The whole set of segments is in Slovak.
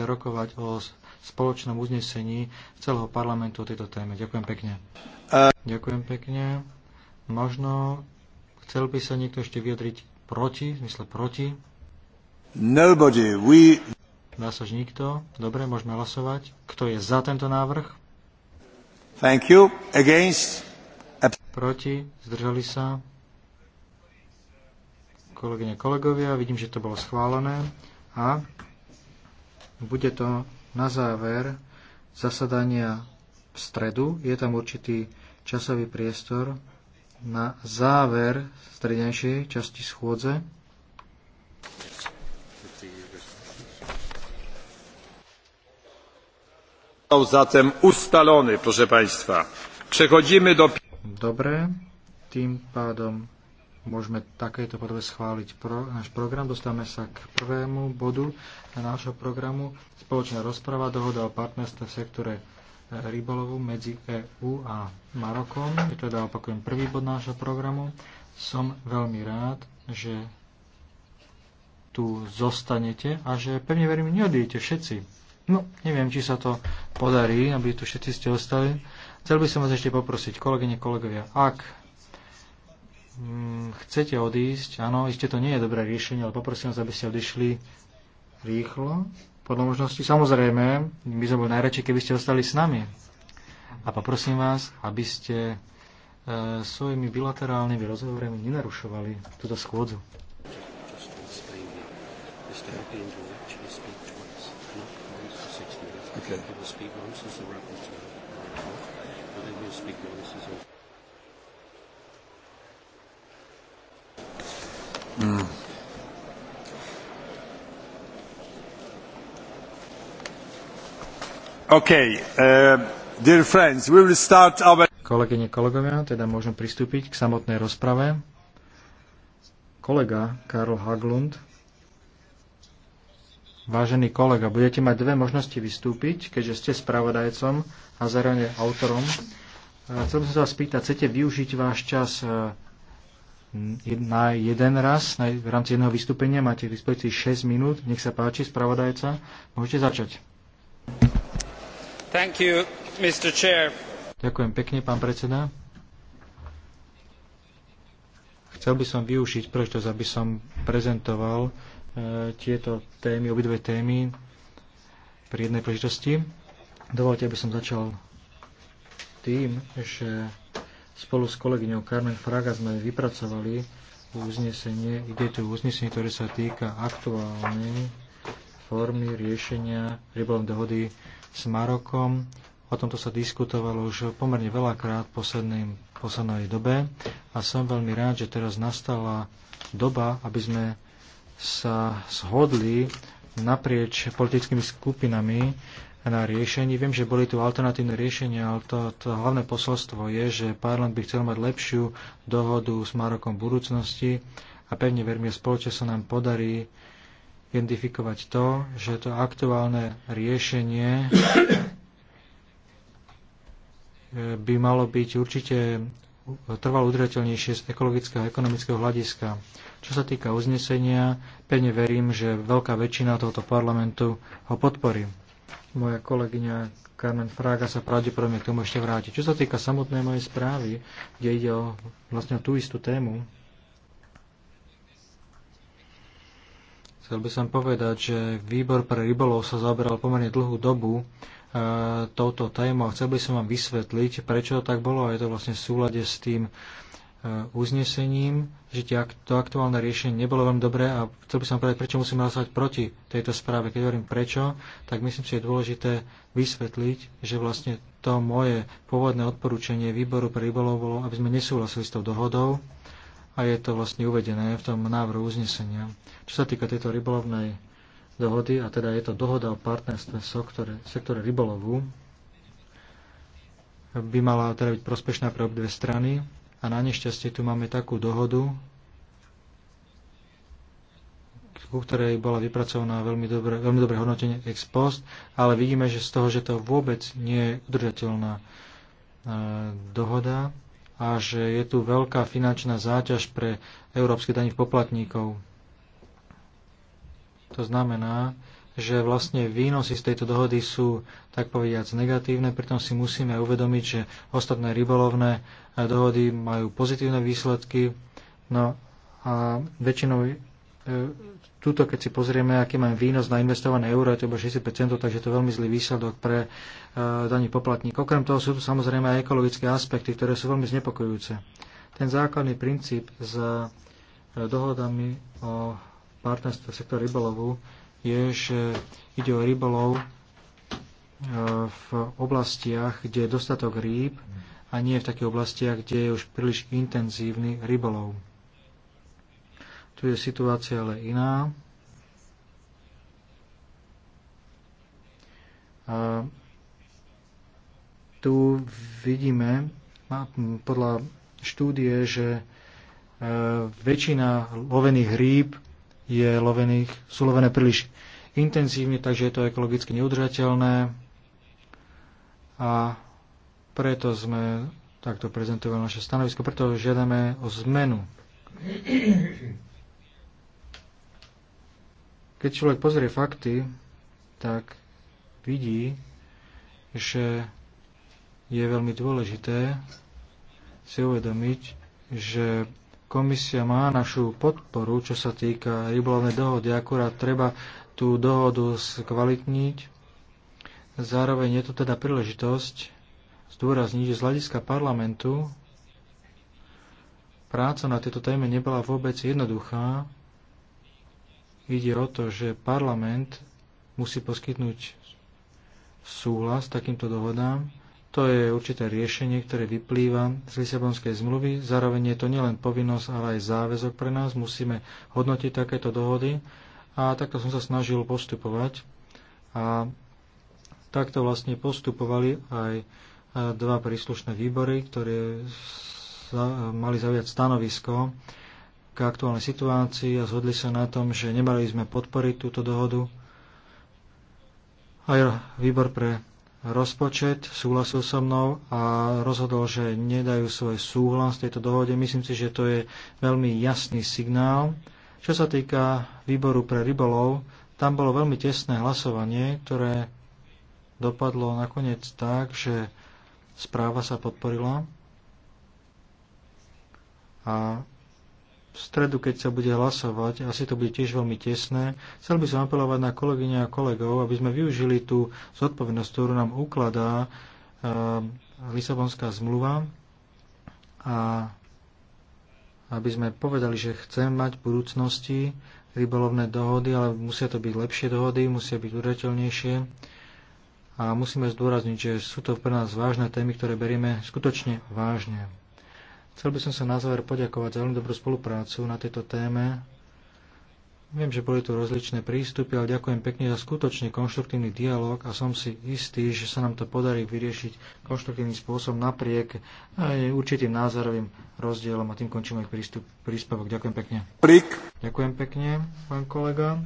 rokovať o spoločnom uznesení celého parlamentu o tejto téme. Ďakujem pekne. A... Ďakujem pekne. Možno chcel by sa niekto ešte vyjadriť proti, v zmysle proti. Nobody, we... Dá sa, že nikto. Dobre, môžeme hlasovať. Kto je za tento návrh? Thank you. Against... Proti, zdržali sa. Kolegyne, kolegovia, vidím, že to bolo schválené. A bude to na záver zasadania v stredu. Je tam určitý časový priestor na záver strednejšej časti schôdze. zatem ustalony proszę państwa przechodzimy do Dobre, tým pádom môžeme takéto podobe schváliť pro, náš program. Dostávame sa k prvému bodu nášho programu. Spoločná rozprava, dohoda o partnerstve v sektore e, rybolovu medzi EÚ a Marokom. Je teda opakujem prvý bod nášho programu. Som veľmi rád, že tu zostanete a že pevne verím, neodídete všetci. No, neviem, či sa to podarí, aby tu všetci ste ostali. Chcel by som vás ešte poprosiť, kolegyne, kolegovia, ak Mm, chcete odísť, áno, iste to nie je dobré riešenie, ale poprosím vás, aby ste odišli rýchlo, podľa možnosti. Samozrejme, my sme boli najradšej, keby ste ostali s nami. A poprosím vás, aby ste e, svojimi bilaterálnymi rozhovormi nenarušovali túto schôdzu. Okay. Mm. Okay, uh, friends, our... Kolegyne, kolegovia, teda môžem pristúpiť k samotnej rozprave. Kolega Karl Haglund, vážený kolega, budete mať dve možnosti vystúpiť, keďže ste spravodajcom a zároveň autorom. Chcel som sa vás pýtať, chcete využiť váš čas eh, na jeden raz, na, v rámci jedného vystúpenia máte k dispozícii 6 minút. Nech sa páči, spravodajca, môžete začať. Thank you, Mr. Chair. Ďakujem pekne, pán predseda. Chcel by som využiť príležitosť, aby som prezentoval e, tieto témy, obidve témy pri jednej príležitosti. Dovolte, aby som začal tým, že Spolu s kolegyňou Carmen Fraga sme vypracovali uznesenie, kde to uznesenie, ktoré sa týka aktuálnej formy riešenia rybovom dohody s Marokom. O tomto sa diskutovalo už pomerne veľakrát v poslednej, poslednej dobe a som veľmi rád, že teraz nastala doba, aby sme sa shodli naprieč politickými skupinami na riešení. Viem, že boli tu alternatívne riešenia, ale to, to hlavné posolstvo je, že parlament by chcel mať lepšiu dohodu s Marokom budúcnosti a pevne verím, že spoločne sa nám podarí identifikovať to, že to aktuálne riešenie by malo byť určite trvalo udržateľnejšie z ekologického a ekonomického hľadiska. Čo sa týka uznesenia, pevne verím, že veľká väčšina tohoto parlamentu ho podporí. Moja kolegyňa Carmen Fraga sa pravdepodobne k tomu ešte vráti. Čo sa týka samotnej mojej správy, kde ide o vlastne o tú istú tému, chcel by som povedať, že výbor pre rybolov sa zaoberal pomerne dlhú dobu e, touto témou. Chcel by som vám vysvetliť, prečo to tak bolo a je to vlastne v súlade s tým Eh, uznesením, že to aktuálne riešenie nebolo veľmi dobré a chcel by som povedať, prečo musíme hlasovať proti tejto správe. Keď hovorím prečo, tak myslím si, že je dôležité vysvetliť, že vlastne to moje pôvodné odporúčanie výboru pre rybolov bolo, aby sme nesúhlasili s tou dohodou a je to vlastne uvedené v tom návrhu uznesenia. Čo sa týka tejto rybolovnej dohody, a teda je to dohoda o partnerstve v sektore, sektore rybolovu, by mala teda byť prospešná pre obdve strany a na nešťastie tu máme takú dohodu, ku ktorej bola vypracovaná veľmi dobré, veľmi dobré hodnotenie ex post, ale vidíme, že z toho, že to vôbec nie je udržateľná e, dohoda a že je tu veľká finančná záťaž pre európske daní poplatníkov. To znamená, že vlastne výnosy z tejto dohody sú tak povediac negatívne, pritom si musíme uvedomiť, že ostatné rybolovné eh, dohody majú pozitívne výsledky. No a väčšinou eh, túto, keď si pozrieme, aký máme výnos na investované euro, je to iba 60%, takže to je veľmi zlý výsledok pre eh, daní poplatník. Okrem toho sú tu samozrejme aj ekologické aspekty, ktoré sú veľmi znepokojujúce. Ten základný princíp s dohodami o partnerstve v rybolovu je, že ide o rybolov e, v oblastiach, kde je dostatok rýb a nie v takých oblastiach, kde je už príliš intenzívny rybolov. Tu je situácia ale iná. A tu vidíme podľa štúdie, že e, väčšina lovených rýb je lovených, sú lovené príliš intenzívne, takže je to ekologicky neudržateľné a preto sme takto prezentovali naše stanovisko, preto žiadame o zmenu. Keď človek pozrie fakty, tak vidí, že je veľmi dôležité si uvedomiť, že Komisia má našu podporu, čo sa týka rybolovnej dohody, akurát treba tú dohodu skvalitniť. Zároveň je tu teda príležitosť zdôrazniť, že z hľadiska parlamentu práca na tejto téme nebola vôbec jednoduchá. Ide o to, že parlament musí poskytnúť súhlas takýmto dohodám to je určité riešenie, ktoré vyplýva z Lisabonskej zmluvy. Zároveň je to nielen povinnosť, ale aj záväzok pre nás. Musíme hodnotiť takéto dohody. A takto som sa snažil postupovať. A takto vlastne postupovali aj dva príslušné výbory, ktoré mali zaujať stanovisko k aktuálnej situácii a zhodli sa na tom, že nemali sme podporiť túto dohodu. Aj výbor pre rozpočet, súhlasil so mnou a rozhodol, že nedajú svoj súhlas tejto dohode. Myslím si, že to je veľmi jasný signál. Čo sa týka výboru pre rybolov, tam bolo veľmi tesné hlasovanie, ktoré dopadlo nakoniec tak, že správa sa podporila a v stredu, keď sa bude hlasovať, asi to bude tiež veľmi tesné, chcel by som apelovať na kolegyne a kolegov, aby sme využili tú zodpovednosť, ktorú nám ukladá uh, Lisabonská zmluva a aby sme povedali, že chcem mať v budúcnosti rybolovné dohody, ale musia to byť lepšie dohody, musia byť udržateľnejšie a musíme zdôrazniť, že sú to pre nás vážne témy, ktoré berieme skutočne vážne. Chcel by som sa na záver poďakovať za veľmi dobrú spoluprácu na tejto téme. Viem, že boli tu rozličné prístupy, ale ďakujem pekne za skutočne konštruktívny dialog a som si istý, že sa nám to podarí vyriešiť konštruktívnym spôsobom napriek aj určitým názorovým rozdielom a tým končím aj prístup, príspevok. Ďakujem pekne. Prik. Ďakujem pekne, pán kolega.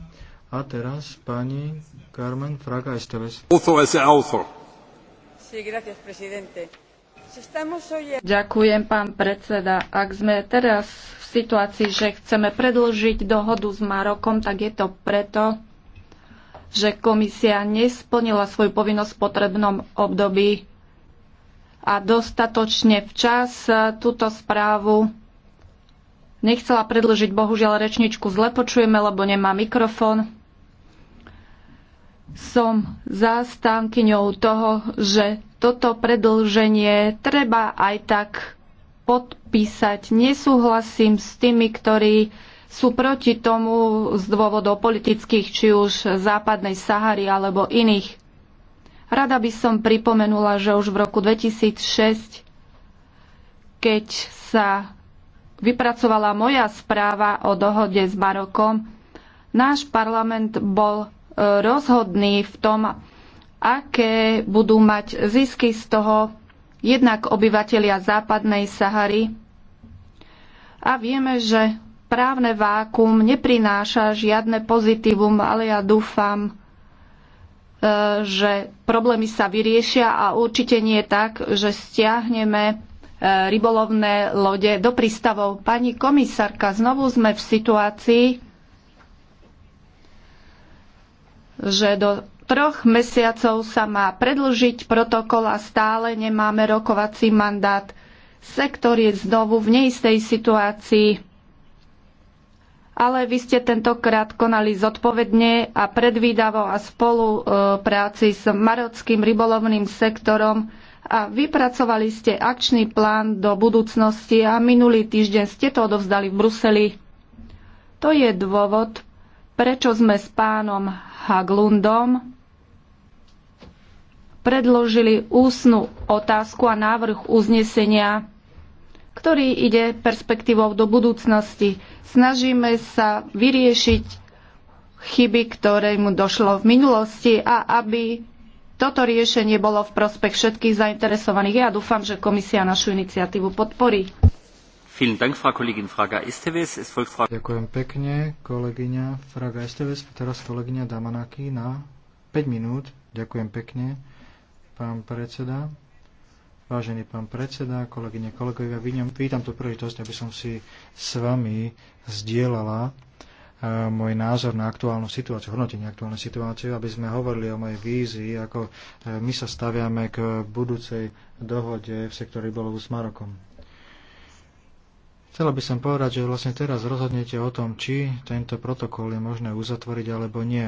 A teraz pani Carmen Fraga Esteves. Autor, autor. Sí, gracias, presidente. Ďakujem, pán predseda. Ak sme teraz v situácii, že chceme predlžiť dohodu s Marokom, tak je to preto, že komisia nesplnila svoju povinnosť v potrebnom období a dostatočne včas túto správu nechcela predlžiť. Bohužiaľ, rečničku zle počujeme, lebo nemá mikrofón som zástankyňou toho, že toto predlženie treba aj tak podpísať. Nesúhlasím s tými, ktorí sú proti tomu z dôvodov politických, či už západnej Sahary alebo iných. Rada by som pripomenula, že už v roku 2006, keď sa vypracovala moja správa o dohode s Marokom, náš parlament bol rozhodný v tom, aké budú mať zisky z toho jednak obyvatelia západnej Sahary. A vieme, že právne vákum neprináša žiadne pozitívum, ale ja dúfam, e, že problémy sa vyriešia a určite nie tak, že stiahneme e, rybolovné lode do prístavov. Pani komisárka, znovu sme v situácii, že do troch mesiacov sa má predlžiť protokol a stále nemáme rokovací mandát. Sektor je znovu v neistej situácii. Ale vy ste tentokrát konali zodpovedne a predvídavo a spolupráci e, s marockým rybolovným sektorom a vypracovali ste akčný plán do budúcnosti a minulý týždeň ste to odovzdali v Bruseli. To je dôvod, prečo sme s pánom Haglundom predložili úsnu otázku a návrh uznesenia, ktorý ide perspektívou do budúcnosti. Snažíme sa vyriešiť chyby, ktoré mu došlo v minulosti a aby toto riešenie bolo v prospech všetkých zainteresovaných. Ja dúfam, že komisia našu iniciatívu podporí. Ďakujem pekne, kolegyňa Fraga Esteves. Teraz kolegyňa Damanaki na 5 minút. Ďakujem pekne, pán predseda. Vážený pán predseda, kolegyne, kolegovia, vítam tú príležitosť, aby som si s vami zdieľala e, môj názor na aktuálnu situáciu, hodnotenie aktuálnej situácie, aby sme hovorili o mojej vízii, ako e, my sa staviame k budúcej dohode v sektore bolovu s Marokom. Chcela by som povedať, že vlastne teraz rozhodnete o tom, či tento protokol je možné uzatvoriť alebo nie.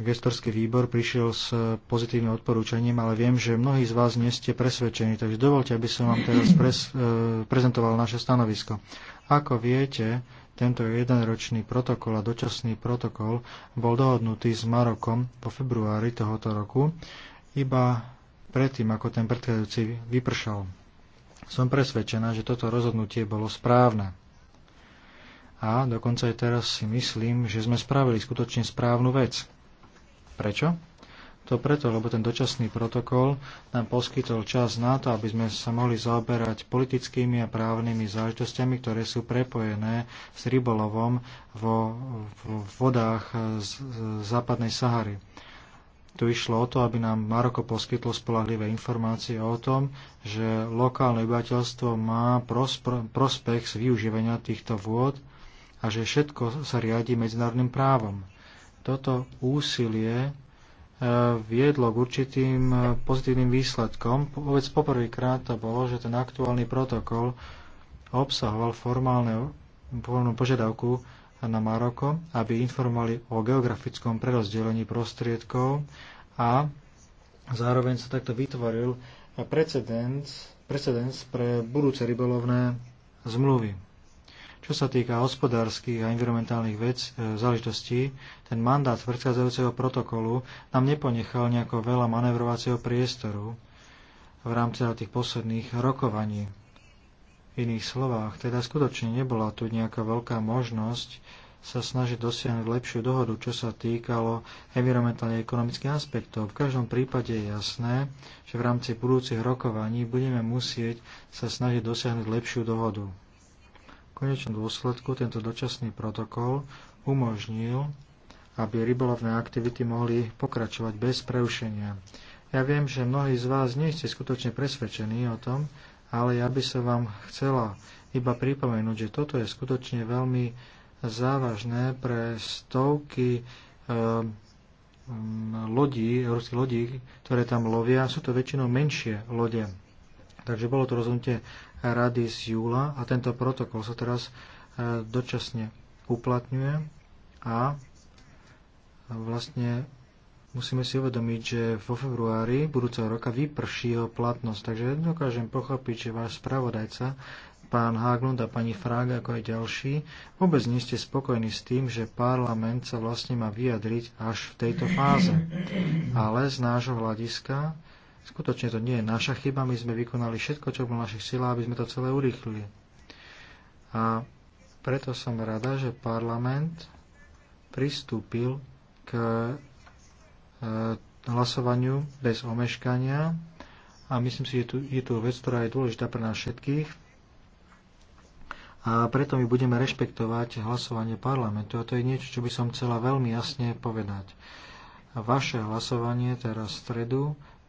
Gestorský výbor prišiel s pozitívnym odporúčaním, ale viem, že mnohí z vás nie ste presvedčení, takže dovolte, aby som vám teraz pres, e, prezentoval naše stanovisko. Ako viete, tento jedenročný protokol a dočasný protokol bol dohodnutý s Marokom po februári tohoto roku, iba predtým, ako ten predchádzajúci vypršal. Som presvedčená, že toto rozhodnutie bolo správne. A dokonca aj teraz si myslím, že sme spravili skutočne správnu vec. Prečo? To preto, lebo ten dočasný protokol nám poskytol čas na to, aby sme sa mohli zaoberať politickými a právnymi záležitostiami, ktoré sú prepojené s rybolovom vo, vo vodách z, z západnej Sahary. Tu išlo o to, aby nám Maroko poskytlo spolahlivé informácie o tom, že lokálne obyvateľstvo má prospech z využívania týchto vôd a že všetko sa riadi medzinárodným právom. Toto úsilie e, viedlo k určitým e, pozitívnym výsledkom. Povedz poprvýkrát to bolo, že ten aktuálny protokol obsahoval formálne, formálnu požiadavku na Maroko, aby informovali o geografickom prerozdelení prostriedkov a zároveň sa takto vytvoril precedens, precedens pre budúce rybolovné zmluvy. Čo sa týka hospodárskych a environmentálnych vec, e, záležitostí, ten mandát predchádzajúceho protokolu nám neponechal nejako veľa manevrovacieho priestoru v rámci tých posledných rokovaní iných slovách. Teda skutočne nebola tu nejaká veľká možnosť sa snažiť dosiahnuť lepšiu dohodu, čo sa týkalo environmentálnych ekonomických aspektov. V každom prípade je jasné, že v rámci budúcich rokovaní budeme musieť sa snažiť dosiahnuť lepšiu dohodu. V konečnom dôsledku tento dočasný protokol umožnil, aby rybolovné aktivity mohli pokračovať bez preušenia. Ja viem, že mnohí z vás nie ste skutočne presvedčení o tom, ale ja by som vám chcela iba pripomenúť, že toto je skutočne veľmi závažné pre stovky um, lodí, európskych lodí, ktoré tam lovia. Sú to väčšinou menšie lode. Takže bolo to rozhodnutie rady z júla a tento protokol sa teraz e, dočasne uplatňuje a vlastne musíme si uvedomiť, že vo februári budúceho roka vyprší jeho platnosť. Takže dokážem pochopiť, že váš spravodajca, pán Haglund a pani Frág, ako aj ďalší, vôbec nie ste spokojní s tým, že parlament sa vlastne má vyjadriť až v tejto fáze. Ale z nášho hľadiska, skutočne to nie je naša chyba, my sme vykonali všetko, čo bolo v našich silách, aby sme to celé urýchlili. A preto som rada, že parlament pristúpil k Eh, hlasovaniu bez omeškania a myslím si, že tu, je tu vec, ktorá je dôležitá pre nás všetkých a preto my budeme rešpektovať hlasovanie parlamentu a to je niečo, čo by som chcela veľmi jasne povedať. Vaše hlasovanie teraz v stredu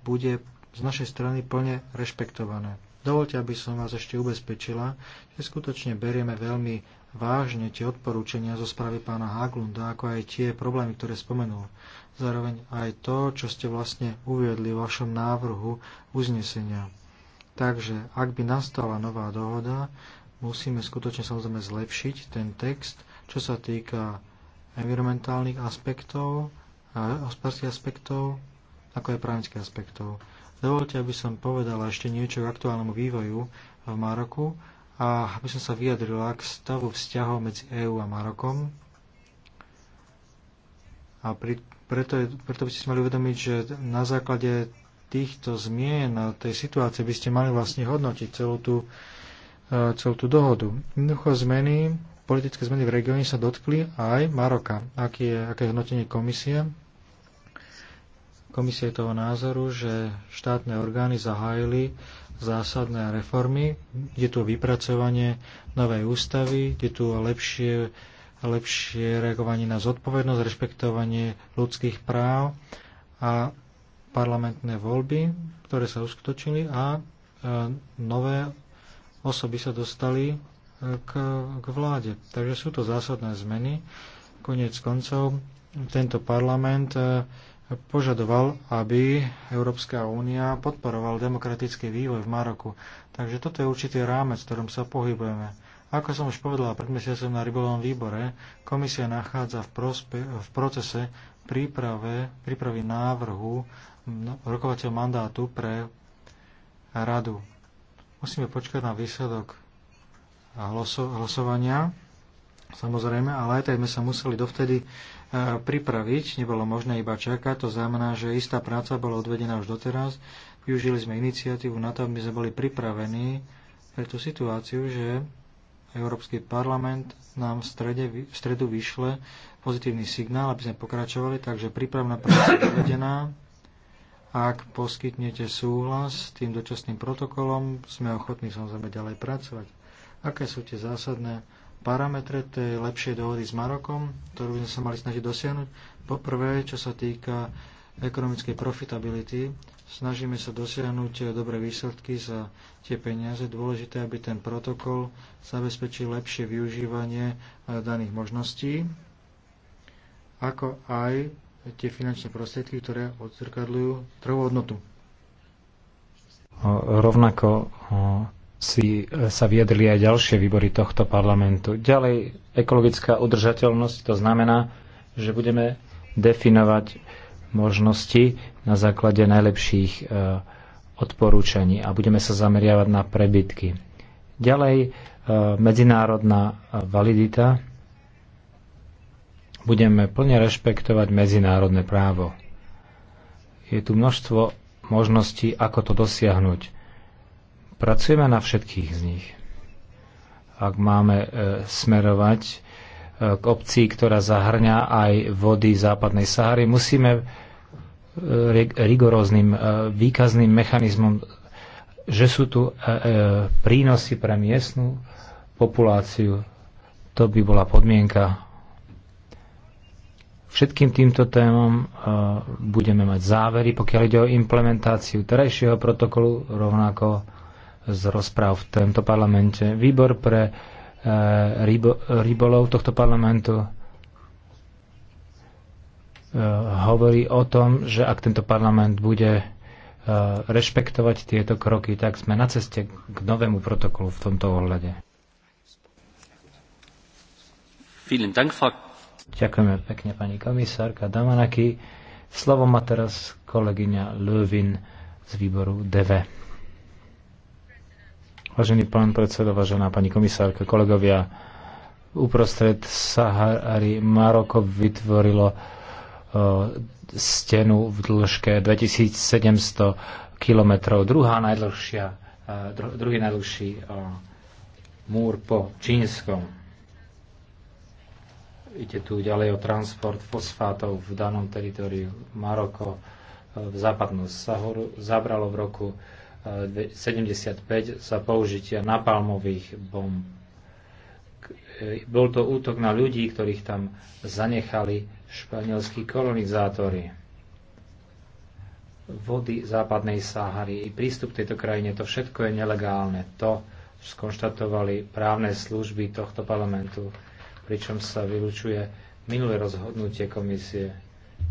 bude z našej strany plne rešpektované. Dovolte, aby som vás ešte ubezpečila, že skutočne berieme veľmi vážne tie odporúčania zo správy pána Haglunda, ako aj tie problémy, ktoré spomenul. Zároveň aj to, čo ste vlastne uviedli v vašom návrhu uznesenia. Takže, ak by nastala nová dohoda, musíme skutočne samozrejme zlepšiť ten text, čo sa týka environmentálnych aspektov, hospodárskych aspektov, ako aj právnických aspektov. Dovolte, aby som povedala ešte niečo k aktuálnemu vývoju v Maroku a aby som sa vyjadrila k stavu vzťahov medzi EÚ a Marokom. A pri, preto, je, preto by ste si mali uvedomiť, že na základe týchto zmien a tej situácie by ste mali vlastne hodnotiť celú tú, e, celú tú dohodu. Jednoducho zmeny, politické zmeny v regióne sa dotkli aj Maroka. Aký je, aké je hodnotenie komisie? Komisie toho názoru, že štátne orgány zahájili zásadné reformy. Je tu vypracovanie novej ústavy, je tu lepšie, lepšie reagovanie na zodpovednosť, rešpektovanie ľudských práv a parlamentné voľby, ktoré sa uskutočili a e, nové osoby sa dostali e, k, k vláde. Takže sú to zásadné zmeny. Konec koncov tento parlament e, požadoval, aby Európska únia podporoval demokratický vývoj v Maroku. Takže toto je určitý rámec, v ktorom sa pohybujeme. Ako som už povedala pred mesiacom na rybolovom výbore, komisia nachádza v, prospe, v procese príprave, prípravy návrhu rokovacieho mandátu pre radu. Musíme počkať na výsledok hlasovania, samozrejme, ale aj tak sme sa museli dovtedy pripraviť, nebolo možné iba čakať, to znamená, že istá práca bola odvedená už doteraz. Využili sme iniciatívu na to, aby sme boli pripravení pre tú situáciu, že Európsky parlament nám v, strede, v stredu vyšle pozitívny signál, aby sme pokračovali, takže prípravná práca je odvedená. Ak poskytnete súhlas s tým dočasným protokolom, sme ochotní samozrejme ďalej pracovať. Aké sú tie zásadné parametre tej lepšej dohody s Marokom, ktorú by sme sa mali snažiť dosiahnuť. Poprvé, čo sa týka ekonomickej profitability, snažíme sa dosiahnuť dobré výsledky za tie peniaze. Dôležité, aby ten protokol zabezpečil lepšie využívanie eh, daných možností, ako aj tie finančné prostriedky, ktoré odzrkadľujú trhovú hodnotu. Rovnako si e, sa viedli aj ďalšie výbory tohto parlamentu. Ďalej ekologická udržateľnosť, to znamená, že budeme definovať možnosti na základe najlepších e, odporúčaní a budeme sa zameriavať na prebytky. Ďalej e, medzinárodná validita. Budeme plne rešpektovať medzinárodné právo. Je tu množstvo možností, ako to dosiahnuť Pracujeme na všetkých z nich. Ak máme e, smerovať e, k obci, ktorá zahrňa aj vody západnej Sahary, musíme e, rigoróznym výkazným mechanizmom, že sú tu prínosy pre miestnu populáciu. To by bola podmienka. Všetkým týmto uh, budeme mať závery, pokiaľ ide o implementáciu terajšieho protokolu, rovnako z rozpráv v tomto parlamente. Výbor pre e, rybolov tohto parlamentu e, hovorí o tom, že ak tento parlament bude e, rešpektovať tieto kroky, tak sme na ceste k novému protokolu v tomto ohľade. Ďakujeme pekne pani komisárka Damanaki. Slovo má teraz kolegyňa Lövin z výboru DV. Vážený pán predseda, vážená pani komisárka, kolegovia, uprostred Sahary Maroko vytvorilo e, stenu v dĺžke 2700 kilometrov, druhá najdlhšia, e, druhý najdlhší e, múr po Čínskom. Ide tu ďalej o transport fosfátov v danom teritoriu. Maroko v západnú Sahoru zabralo v roku 75 za použitia napalmových bomb. E, bol to útok na ľudí, ktorých tam zanechali španielskí kolonizátori. Vody západnej Sahary i prístup k tejto krajine, to všetko je nelegálne. To skonštatovali právne služby tohto parlamentu, pričom sa vylučuje minulé rozhodnutie komisie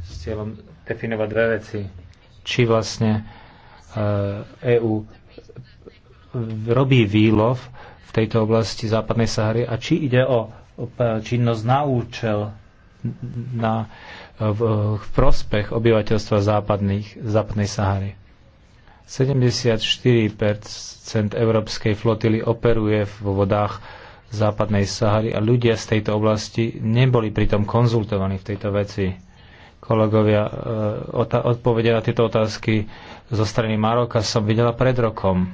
s cieľom definovať dve veci. Či vlastne EÚ e robí výlov v tejto oblasti západnej Sahary a či ide o činnosť na účel na, v, v prospech obyvateľstva západných, západnej Sahary. 74 európskej flotily operuje vo vodách západnej Sahary a ľudia z tejto oblasti neboli pritom konzultovaní v tejto veci. Kolegovia, e, odpovede na tieto otázky zo strany Maroka som videla pred rokom.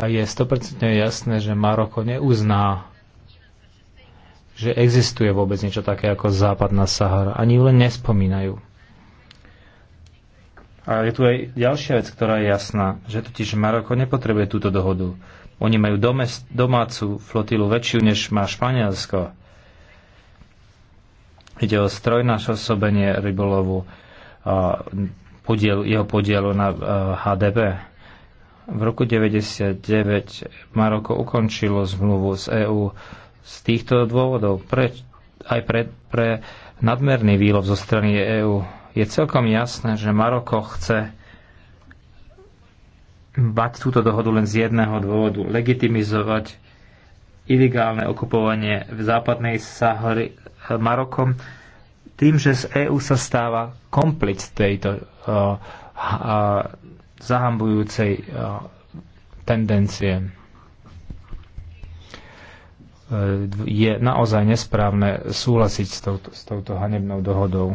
A je 100% jasné, že Maroko neuzná, že existuje vôbec niečo také ako západná Sahara. Ani ju len nespomínajú. A je tu aj ďalšia vec, ktorá je jasná, že totiž Maroko nepotrebuje túto dohodu. Oni majú domes, domácu flotilu väčšiu, než má Španielsko. Ide o strojnásobenie rybolovu. A podiel, jeho podielu na HDP. Eh, v roku 1999 Maroko ukončilo zmluvu z EÚ z týchto dôvodov, pre, aj pre, pre nadmerný výlov zo strany EÚ. Je celkom jasné, že Maroko chce mať túto dohodu len z jedného dôvodu legitimizovať ilegálne okupovanie v západnej Sahary Marokom tým, že z EÚ sa stáva komplic tejto uh, uh, zahambujúcej uh, tendencie. Uh, je naozaj nesprávne súhlasiť s touto, s touto hanebnou dohodou.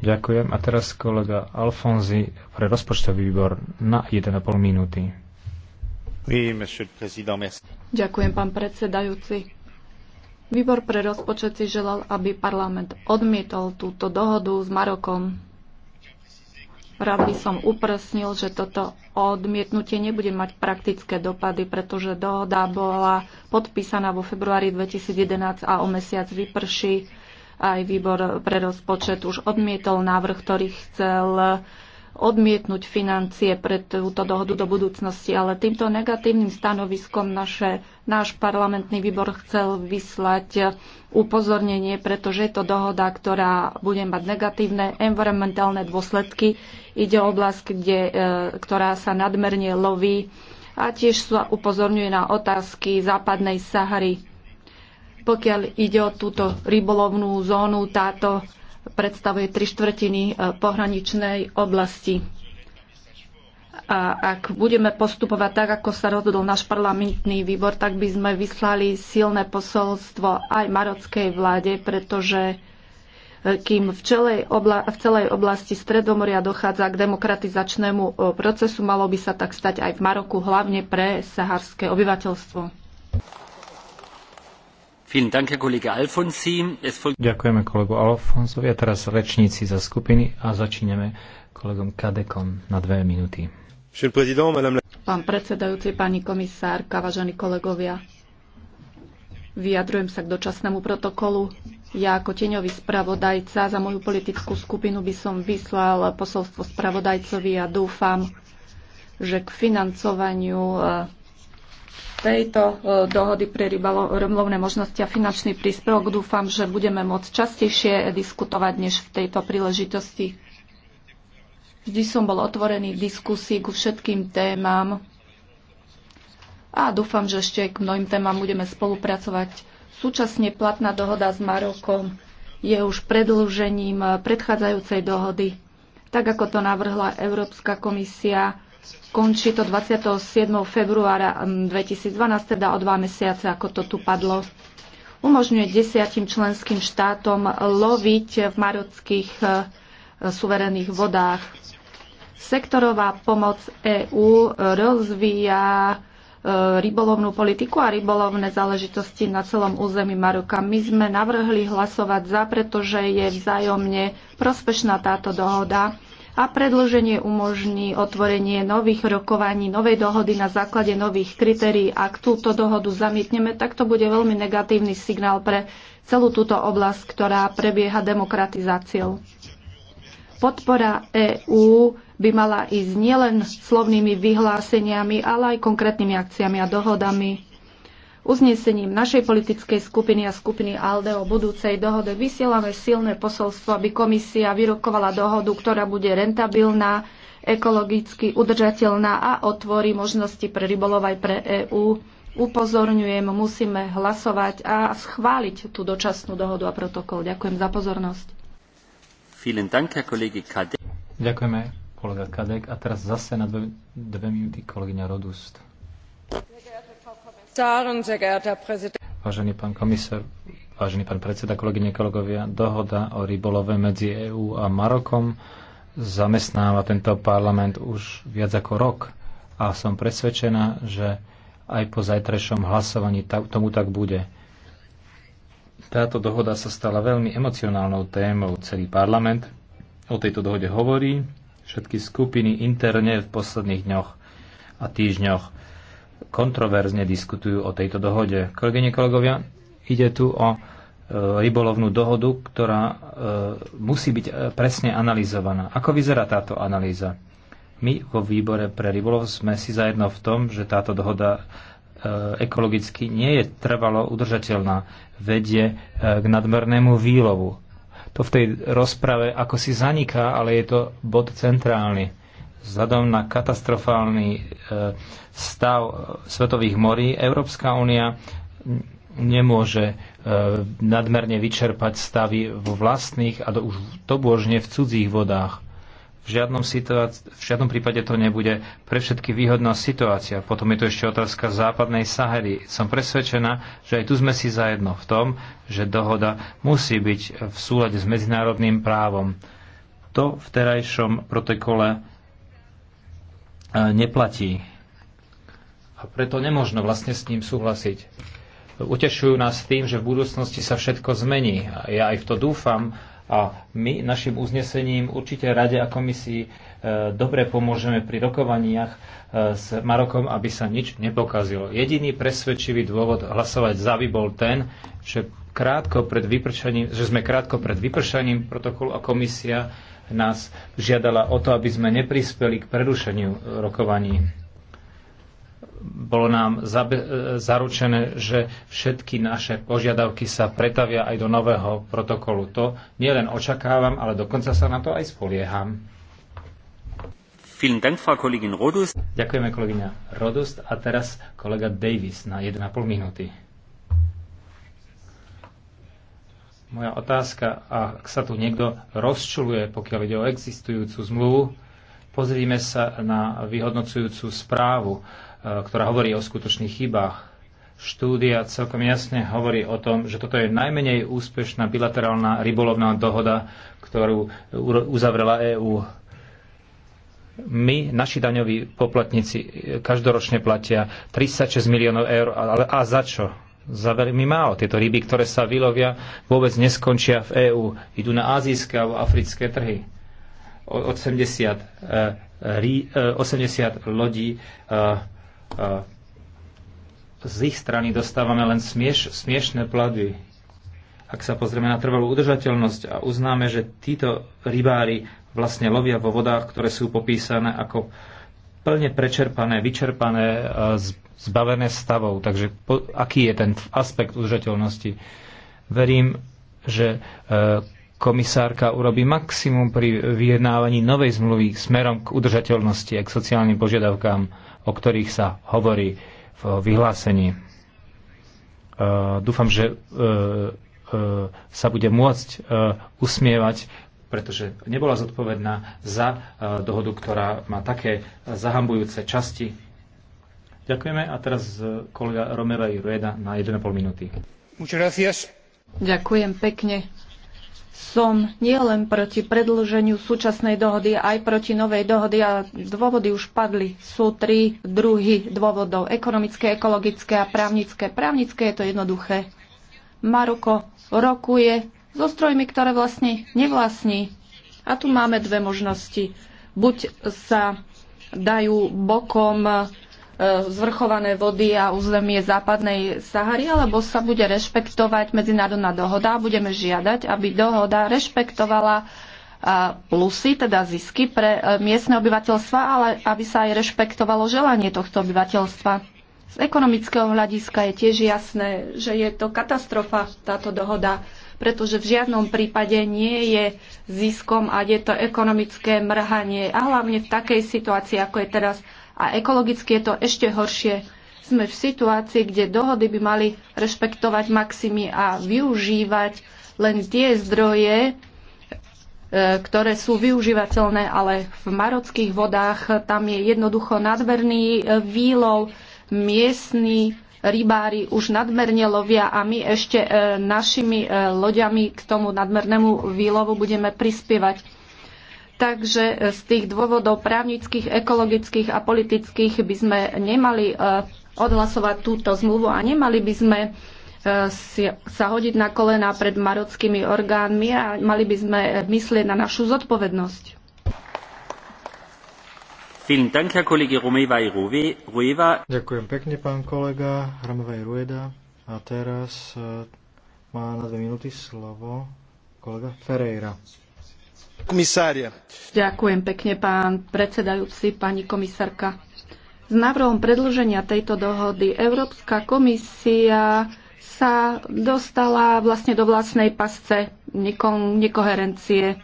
Ďakujem. A teraz kolega Alfonzi pre rozpočtový výbor na 1,5 minúty. Ďakujem, pán predsedajúci. Výbor pre rozpočet si želal, aby parlament odmietol túto dohodu s Marokom. Rád by som upresnil, že toto odmietnutie nebude mať praktické dopady, pretože dohoda bola podpísaná vo februári 2011 a o mesiac vyprší. Aj výbor pre rozpočet už odmietol návrh, ktorý chcel odmietnúť financie pre túto dohodu do budúcnosti, ale týmto negatívnym stanoviskom naše, náš parlamentný výbor chcel vyslať upozornenie, pretože je to dohoda, ktorá bude mať negatívne environmentálne dôsledky. Ide o oblasť, kde, e, ktorá sa nadmerne loví a tiež sa upozorňuje na otázky západnej Sahary. Pokiaľ ide o túto rybolovnú zónu, táto predstavuje tri štvrtiny e, pohraničnej oblasti. A ak budeme postupovať tak, ako sa rozhodol náš parlamentný výbor, tak by sme vyslali silné posolstvo aj marockej vláde, pretože e, kým v, čelej obla- v celej oblasti Stredomoria dochádza k demokratizačnému e, procesu, malo by sa tak stať aj v Maroku, hlavne pre saharské obyvateľstvo. Ďakujeme kolegu Alfonsovi a teraz rečníci za skupiny a začíname kolegom Kadekom na dve minúty. Pán predsedajúci, pani komisárka, vážení kolegovia, vyjadrujem sa k dočasnému protokolu. Ja ako teňový spravodajca za moju politickú skupinu by som vyslal posolstvo spravodajcovi a dúfam, že k financovaniu e, tejto e, dohody pre rybolovné možnosti a finančný príspevok. Dúfam, že budeme môcť častejšie diskutovať než v tejto príležitosti. Vždy som bol otvorený v diskusii ku všetkým témam a dúfam, že ešte k mnohým témam budeme spolupracovať. Súčasne platná dohoda s Marokom je už predlžením predchádzajúcej dohody, tak ako to navrhla Európska komisia Končí to 27. februára 2012, mm, teda o dva mesiace, ako to tu padlo. Umožňuje desiatim členským štátom loviť v marockých e, suverených vodách. Sektorová pomoc EÚ rozvíja e, rybolovnú politiku a rybolovné záležitosti na celom území Maroka. My sme navrhli hlasovať za, pretože je vzájomne prospešná táto dohoda a predloženie umožní otvorenie nových rokovaní, novej dohody na základe nových kritérií. Ak túto dohodu zamietneme, tak to bude veľmi negatívny signál pre celú túto oblasť, ktorá prebieha demokratizáciou. Podpora EÚ by mala ísť nielen slovnými vyhláseniami, ale aj konkrétnymi akciami a dohodami. Uznesením našej politickej skupiny a skupiny ALDE o budúcej dohode vysielame silné posolstvo, aby komisia vyrokovala dohodu, ktorá bude rentabilná, ekologicky udržateľná a otvorí možnosti pre rybolov aj pre EÚ. Upozorňujem, musíme hlasovať a schváliť tú dočasnú dohodu a protokol. Ďakujem za pozornosť. Ďakujeme, kolega Kadek. A teraz zase na dve, dve minúty kolegyňa Rodust. Vážený pán komisár, vážený pán predseda, kolegyne, kolegovia, dohoda o rybolove medzi EÚ a Marokom zamestnáva tento parlament už viac ako rok a som presvedčená, že aj po zajtrajšom hlasovaní tomu tak bude. Táto dohoda sa stala veľmi emocionálnou témou. Celý parlament o tejto dohode hovorí, všetky skupiny interne v posledných dňoch a týždňoch kontroverzne diskutujú o tejto dohode. Kolegyne, kolegovia, ide tu o e, rybolovnú dohodu, ktorá e, musí byť e, presne analyzovaná. Ako vyzerá táto analýza? My vo výbore pre rybolov sme si zajedno v tom, že táto dohoda ekologicky nie je trvalo udržateľná, vedie k nadmernému výlovu. To v tej rozprave ako si zaniká, ale je to bod centrálny. Vzhľadom na katastrofálny e, stav svetových morí Európska únia nemôže e, nadmerne vyčerpať stavy vo vlastných a už už božne v cudzích vodách. V žiadnom, situáci- v žiadnom prípade to nebude pre všetky výhodná situácia. Potom je tu ešte otázka západnej Sahely. Som presvedčená, že aj tu sme si zajedno v tom, že dohoda musí byť v súlade s medzinárodným právom. To v terajšom protokole neplatí. A preto nemôžno vlastne s ním súhlasiť. Utešujú nás tým, že v budúcnosti sa všetko zmení. A ja aj v to dúfam a my našim uznesením určite Rade a komisii e, dobre pomôžeme pri rokovaniach e, s Marokom, aby sa nič nepokazilo. Jediný presvedčivý dôvod hlasovať za by bol ten, že, krátko pred vypršaním, že sme krátko pred vypršaním protokolu a komisia nás žiadala o to, aby sme neprispeli k prerušeniu rokovaní. Bolo nám zaručené, že všetky naše požiadavky sa pretavia aj do nového protokolu. To nielen očakávam, ale dokonca sa na to aj spolieham. Ďakujeme kolegyňa Rodust a teraz kolega Davis na 1,5 minúty. Moja otázka, ak sa tu niekto rozčuluje, pokiaľ ide o existujúcu zmluvu, pozrime sa na vyhodnocujúcu správu, e, ktorá hovorí o skutočných chybách. Štúdia celkom jasne hovorí o tom, že toto je najmenej úspešná bilaterálna rybolovná dohoda, ktorú uzavrela EÚ. My, naši daňoví poplatníci, každoročne platia 36 miliónov eur. A za čo? za veľmi málo. Tieto ryby, ktoré sa vylovia, vôbec neskončia v EÚ. Idú na azijské alebo africké trhy. 80, 80 e, e, lodí e, z ich strany dostávame len smieš, smiešné plady. Ak sa pozrieme na trvalú udržateľnosť a uznáme, že títo rybári vlastne lovia vo vodách, ktoré sú popísané ako plne prečerpané, vyčerpané z zbavené stavov. Takže po, aký je ten aspekt udržateľnosti? Verím, že e, komisárka urobí maximum pri vyjednávaní novej zmluvy smerom k udržateľnosti a k sociálnym požiadavkám, o ktorých sa hovorí v vyhlásení. E, dúfam, že e, e, sa bude môcť e, usmievať pretože nebola zodpovedná za e, dohodu, ktorá má také zahambujúce časti Ďakujeme a teraz e, kolega Romero Rueda na 1,5 minúty. Ďakujem pekne. Som nielen proti predlženiu súčasnej dohody, aj proti novej dohody a dôvody už padli. Sú tri druhy dôvodov. Ekonomické, ekologické a právnické. Právnické je to jednoduché. Maroko rokuje so strojmi, ktoré vlastne nevlastní. A tu máme dve možnosti. Buď sa dajú bokom E, zvrchované vody a územie západnej Sahary, alebo sa bude rešpektovať medzinárodná dohoda a budeme žiadať, aby dohoda rešpektovala e, plusy, teda zisky pre e, miestne obyvateľstva, ale aby sa aj rešpektovalo želanie tohto obyvateľstva. Z ekonomického hľadiska je tiež jasné, že je to katastrofa táto dohoda, pretože v žiadnom prípade nie je ziskom a je to ekonomické mrhanie a hlavne v takej situácii, ako je teraz a ekologicky je to ešte horšie. Sme v situácii, kde dohody by mali rešpektovať maximy a využívať len tie zdroje, e, ktoré sú využívateľné, ale v marockých vodách tam je jednoducho nadmerný e, výlov, miestny rybári už nadmerne lovia a my ešte e, našimi loďami k tomu nadmernému výlovu budeme prispievať. Takže e, z tých dôvodov právnických, ekologických a politických by sme nemali e, odhlasovať túto zmluvu a nemali by sme e, sa hodiť na kolena pred marockými orgánmi a mali by sme myslieť na našu zodpovednosť. Ďakujem pekne, pán kolega Hramovej Rueda. A teraz má na dve minúty slovo kolega Ferreira. Ďakujem pekne, pán predsedajúci, pani komisárka. S návrhom predlženia tejto dohody Európska komisia sa dostala vlastne do vlastnej pasce nekoherencie. E,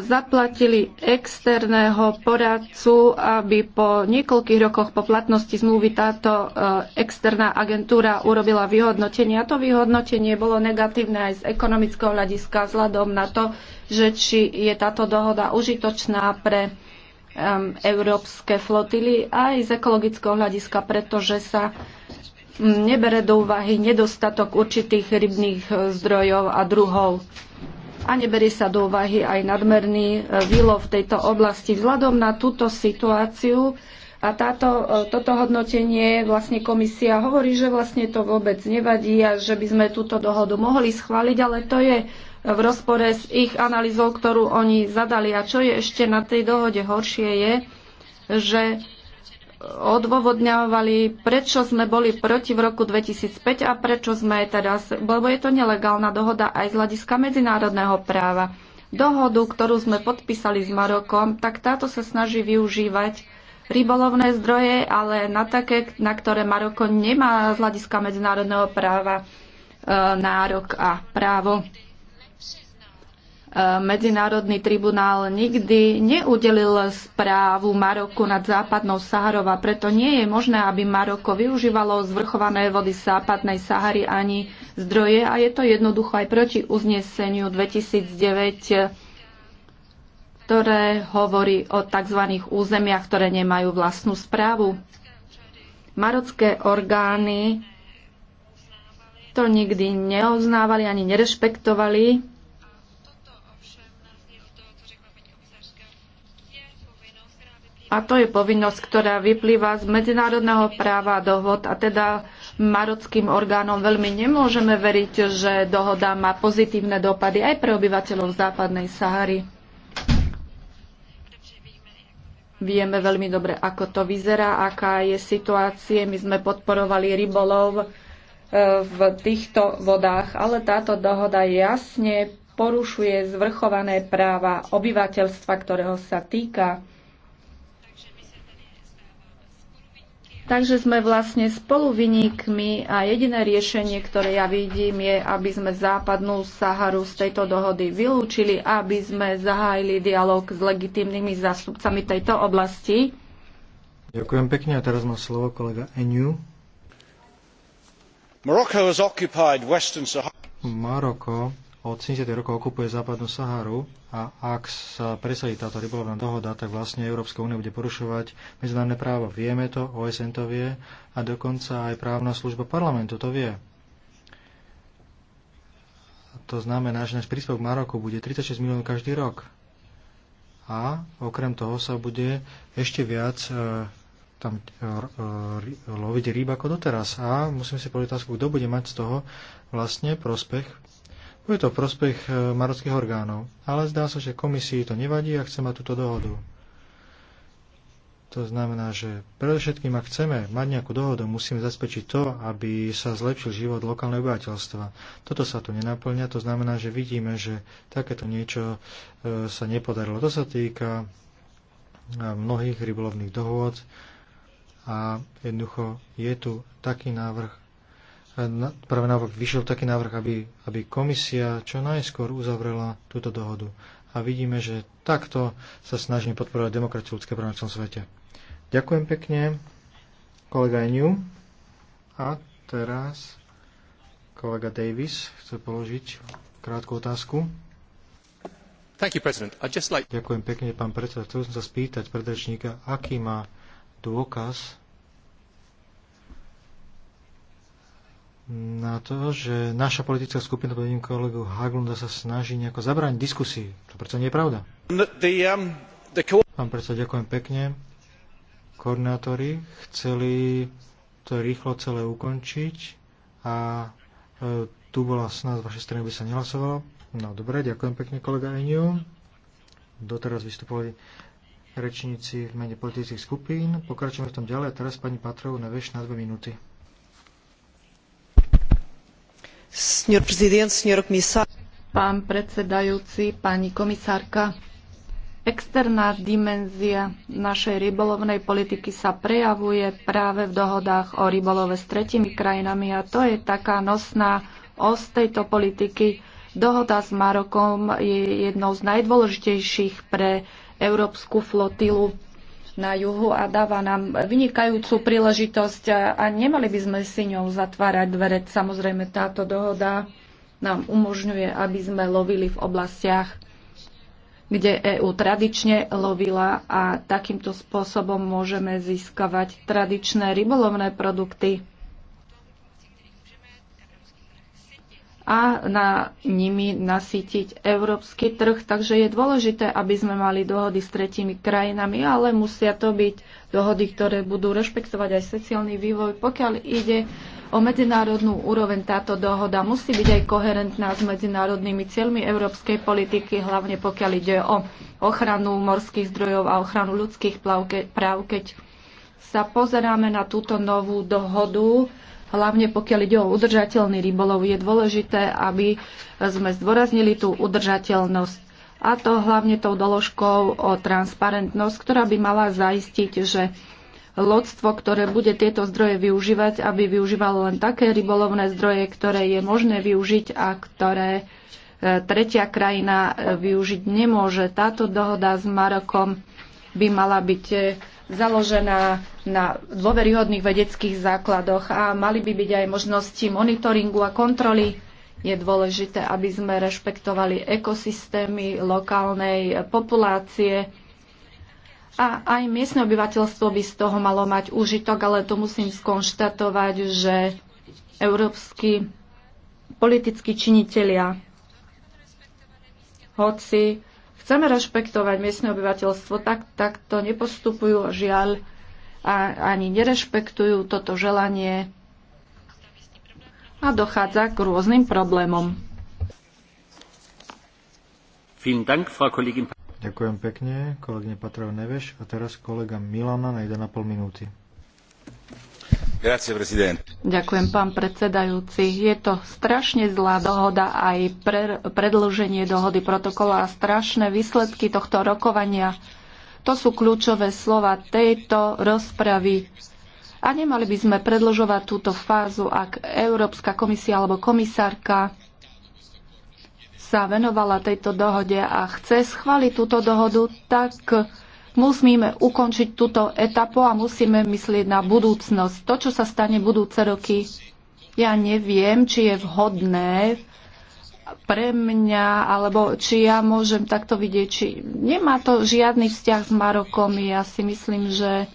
zaplatili externého poradcu, aby po niekoľkých rokoch po platnosti zmluvy táto e, externá agentúra urobila vyhodnotenie. A to vyhodnotenie bolo negatívne aj z ekonomického hľadiska, vzhľadom na to, že či je táto dohoda užitočná pre um, európske flotily aj z ekologického hľadiska, pretože sa um, nebere do úvahy nedostatok určitých rybných uh, zdrojov a druhov a neberie sa do úvahy aj nadmerný uh, výlov v tejto oblasti. Vzhľadom na túto situáciu a táto, uh, toto hodnotenie vlastne komisia hovorí, že vlastne to vôbec nevadí a že by sme túto dohodu mohli schváliť, ale to je v rozpore s ich analýzou, ktorú oni zadali. A čo je ešte na tej dohode horšie je, že odôvodňovali, prečo sme boli proti v roku 2005 a prečo sme aj teraz, lebo je to nelegálna dohoda aj z hľadiska medzinárodného práva. Dohodu, ktorú sme podpísali s Marokom, tak táto sa snaží využívať rybolovné zdroje, ale na také, na ktoré Maroko nemá z hľadiska medzinárodného práva e, nárok a právo. Eh, Medzinárodný tribunál nikdy neudelil správu Maroku nad západnou Saharou a preto nie je možné, aby Maroko využívalo zvrchované vody západnej Sahary ani zdroje a je to jednoducho aj proti uzneseniu 2009, ktoré hovorí o tzv. územiach, ktoré nemajú vlastnú správu. Marocké orgány to nikdy neoznávali ani nerešpektovali A to je povinnosť, ktorá vyplýva z medzinárodného práva a dohod a teda marockým orgánom veľmi nemôžeme veriť, že dohoda má pozitívne dopady aj pre obyvateľov západnej Sahary. Vieme veľmi dobre, ako to vyzerá, aká je situácia. My sme podporovali rybolov e, v týchto vodách, ale táto dohoda jasne porušuje zvrchované práva obyvateľstva, ktorého sa týka. Takže sme vlastne spoluviníkmi a jediné riešenie, ktoré ja vidím, je, aby sme západnú Saharu z tejto dohody vylúčili, aby sme zahájili dialog s legitímnymi zástupcami tejto oblasti. Ďakujem pekne a teraz má slovo kolega Eniu. Maroko od 70. rokov okupuje západnú Saharu a ak sa presadí táto rybolovná dohoda, tak vlastne Európska únia bude porušovať medzinárodné právo. Vieme to, OSN to vie a dokonca aj právna služba parlamentu to vie. To znamená, že náš príspevok Maroku bude 36 miliónov každý rok. A okrem toho sa bude ešte viac e, tam e, e, loviť rýb ako doteraz. A musím si povedať otázku, kto bude mať z toho vlastne prospech bude to prospech e, marockých orgánov, ale zdá sa, že komisii to nevadí a chce mať túto dohodu. To znamená, že predovšetkým, ak chceme mať nejakú dohodu, musíme zabezpečiť to, aby sa zlepšil život lokálneho obyvateľstva. Toto sa tu nenaplňa, to znamená, že vidíme, že takéto niečo e, sa nepodarilo. To sa týka e, mnohých rybolovných dohôd a jednoducho je tu taký návrh, práve naopak vyšiel taký návrh, aby, aby komisia čo najskôr uzavrela túto dohodu. A vidíme, že takto sa snažíme podporovať demokraciu ľudské práva v celom svete. Ďakujem pekne, kolega Eniu. A teraz kolega Davis chce položiť krátku otázku. You, like... Ďakujem pekne, pán predseda. Chcel som sa spýtať predrečníka, aký má dôkaz na to, že naša politická skupina pod kolegu Haglunda sa snaží nejako zabrániť diskusii. To predsa nie je pravda. Um, pán predseda, ďakujem pekne. Koordinátori chceli to rýchlo celé ukončiť a e, tu bola snad z vašej strany, by sa nehlasovalo. No dobre, ďakujem pekne kolega Eniu. Doteraz vystupovali rečníci v mene politických skupín. Pokračujeme v tom ďalej teraz pani Patrovú na na dve minúty. Pán predsedajúci, pani komisárka, externá dimenzia našej rybolovnej politiky sa prejavuje práve v dohodách o rybolove s tretimi krajinami a to je taká nosná os tejto politiky. Dohoda s Marokom je jednou z najdôležitejších pre európsku flotilu na juhu a dáva nám vynikajúcu príležitosť a nemali by sme si ňou zatvárať dvere. Samozrejme, táto dohoda nám umožňuje, aby sme lovili v oblastiach, kde EÚ tradične lovila a takýmto spôsobom môžeme získavať tradičné rybolovné produkty. a na nimi nasytiť európsky trh. Takže je dôležité, aby sme mali dohody s tretimi krajinami, ale musia to byť dohody, ktoré budú rešpektovať aj sociálny vývoj. Pokiaľ ide o medzinárodnú úroveň, táto dohoda musí byť aj koherentná s medzinárodnými cieľmi európskej politiky, hlavne pokiaľ ide o ochranu morských zdrojov a ochranu ľudských práv, keď sa pozeráme na túto novú dohodu, hlavne pokiaľ ide o udržateľný rybolov, je dôležité, aby sme zdôraznili tú udržateľnosť. A to hlavne tou doložkou o transparentnosť, ktorá by mala zaistiť, že lodstvo, ktoré bude tieto zdroje využívať, aby využívalo len také rybolovné zdroje, ktoré je možné využiť a ktoré e, tretia krajina e, využiť nemôže. Táto dohoda s Marokom by mala byť e, založená na dôveryhodných vedeckých základoch a mali by byť aj možnosti monitoringu a kontroly. Je dôležité, aby sme rešpektovali ekosystémy lokálnej populácie a aj miestne obyvateľstvo by z toho malo mať úžitok, ale to musím skonštatovať, že európsky politickí činitelia, hoci chceme rešpektovať miestne obyvateľstvo, tak, tak to nepostupujú žiaľ a ani nerešpektujú toto želanie a dochádza k rôznym problémom. Ďakujem pekne, kolegyne Patrov Neveš. A teraz kolega Milana na 1,5 minúty. Ďakujem, pán predsedajúci. Je to strašne zlá dohoda aj pre, predlženie dohody protokola a strašné výsledky tohto rokovania. To sú kľúčové slova tejto rozpravy. A nemali by sme predlžovať túto fázu, ak Európska komisia alebo komisárka sa venovala tejto dohode a chce schváliť túto dohodu, tak Musíme ukončiť túto etapu a musíme myslieť na budúcnosť. To, čo sa stane budúce roky, ja neviem, či je vhodné pre mňa, alebo či ja môžem takto vidieť, či nemá to žiadny vzťah s Marokom. Ja si myslím, že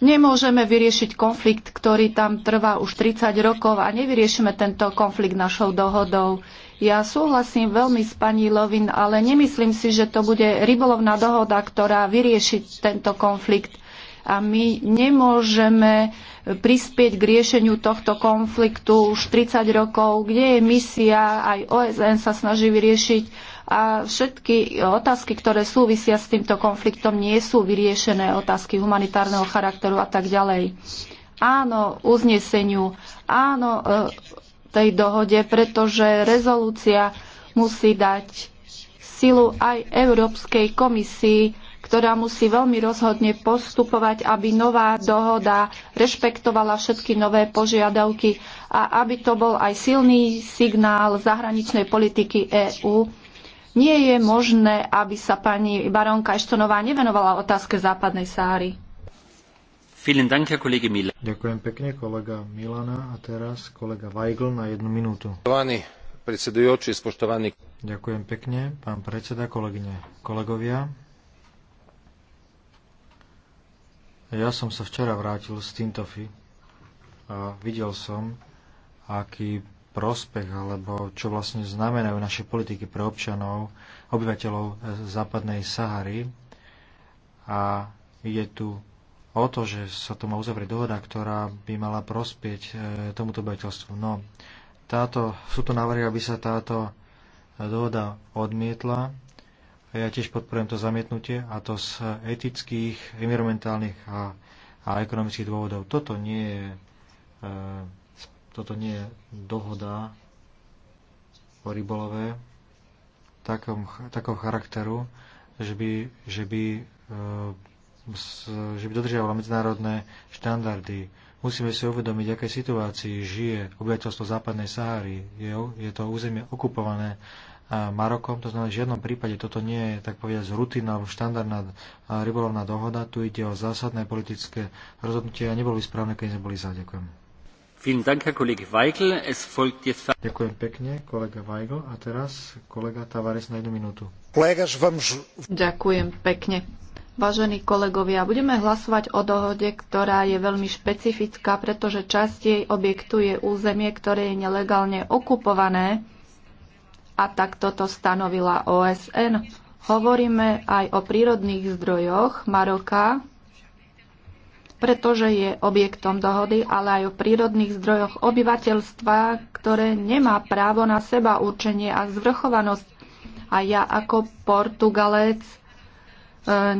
Nemôžeme vyriešiť konflikt, ktorý tam trvá už 30 rokov a nevyriešime tento konflikt našou dohodou. Ja súhlasím veľmi s pani Lovin, ale nemyslím si, že to bude rybolovná dohoda, ktorá vyrieši tento konflikt. A my nemôžeme prispieť k riešeniu tohto konfliktu už 30 rokov, kde je misia, aj OSN sa snaží vyriešiť a všetky otázky, ktoré súvisia s týmto konfliktom, nie sú vyriešené otázky humanitárneho charakteru a tak ďalej. Áno, uzneseniu, áno, e, tej dohode, pretože rezolúcia musí dať silu aj Európskej komisii, ktorá musí veľmi rozhodne postupovať, aby nová dohoda rešpektovala všetky nové požiadavky a aby to bol aj silný signál zahraničnej politiky EÚ nie je možné, aby sa pani baronka Eštonová nevenovala otázke západnej Sáry. Ďakujem pekne, kolega Milana. A teraz kolega Weigl na jednu minútu. Ďakujem pekne, pán predseda, kolegyne, kolegovia. Ja som sa včera vrátil z Tintofy a videl som, aký prospech alebo čo vlastne znamenajú naše politiky pre občanov, obyvateľov eh, západnej Sahary. A ide tu o to, že sa tu má uzavrieť dohoda, ktorá by mala prospieť eh, tomuto obyvateľstvu. No, táto, sú to návrhy, aby sa táto eh, dohoda odmietla. a Ja tiež podporujem to zamietnutie a to z etických, environmentálnych a, a ekonomických dôvodov. Toto nie je e, toto nie je dohoda o rybolove takom, takom charakteru, že by, že by, e, že by dodržiavala medzinárodné štandardy. Musíme si uvedomiť, aké situácii žije obyvateľstvo západnej Sahary. Je, je to územie okupované Marokom, to znamená, v žiadnom prípade toto nie je, tak povedať, rutina alebo štandardná e, rybolovná dohoda. Tu ide o zásadné politické rozhodnutie a nebolo by správne, keď sme boli za. Ďakujem. Ďakujem pekne, kolega Weigl. A teraz kolega Tavares na jednu minútu. Ďakujem pekne. Vážení kolegovia, budeme hlasovať o dohode, ktorá je veľmi špecifická, pretože časť jej objektu je územie, ktoré je nelegálne okupované a takto to stanovila OSN. Hovoríme aj o prírodných zdrojoch Maroka, pretože je objektom dohody, ale aj o prírodných zdrojoch obyvateľstva, ktoré nemá právo na seba určenie a zvrchovanosť. A ja ako Portugalec e,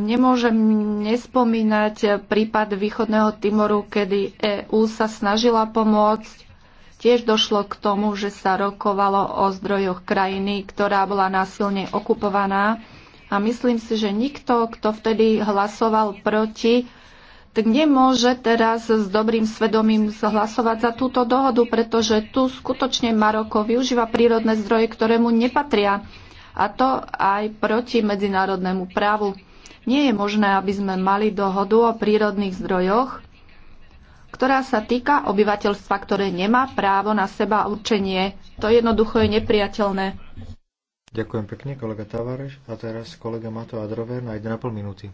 nemôžem nespomínať prípad východného Timoru, kedy EÚ sa snažila pomôcť. Tiež došlo k tomu, že sa rokovalo o zdrojoch krajiny, ktorá bola násilne okupovaná. A myslím si, že nikto, kto vtedy hlasoval proti, tak nemôže teraz s dobrým svedomím hlasovať za túto dohodu, pretože tu skutočne Maroko využíva prírodné zdroje, ktoré mu nepatria. A to aj proti medzinárodnému právu. Nie je možné, aby sme mali dohodu o prírodných zdrojoch, ktorá sa týka obyvateľstva, ktoré nemá právo na seba určenie. To jednoducho je nepriateľné. Ďakujem pekne, kolega Tavareš. A teraz kolega Mato Adrover na 1,5 minúty.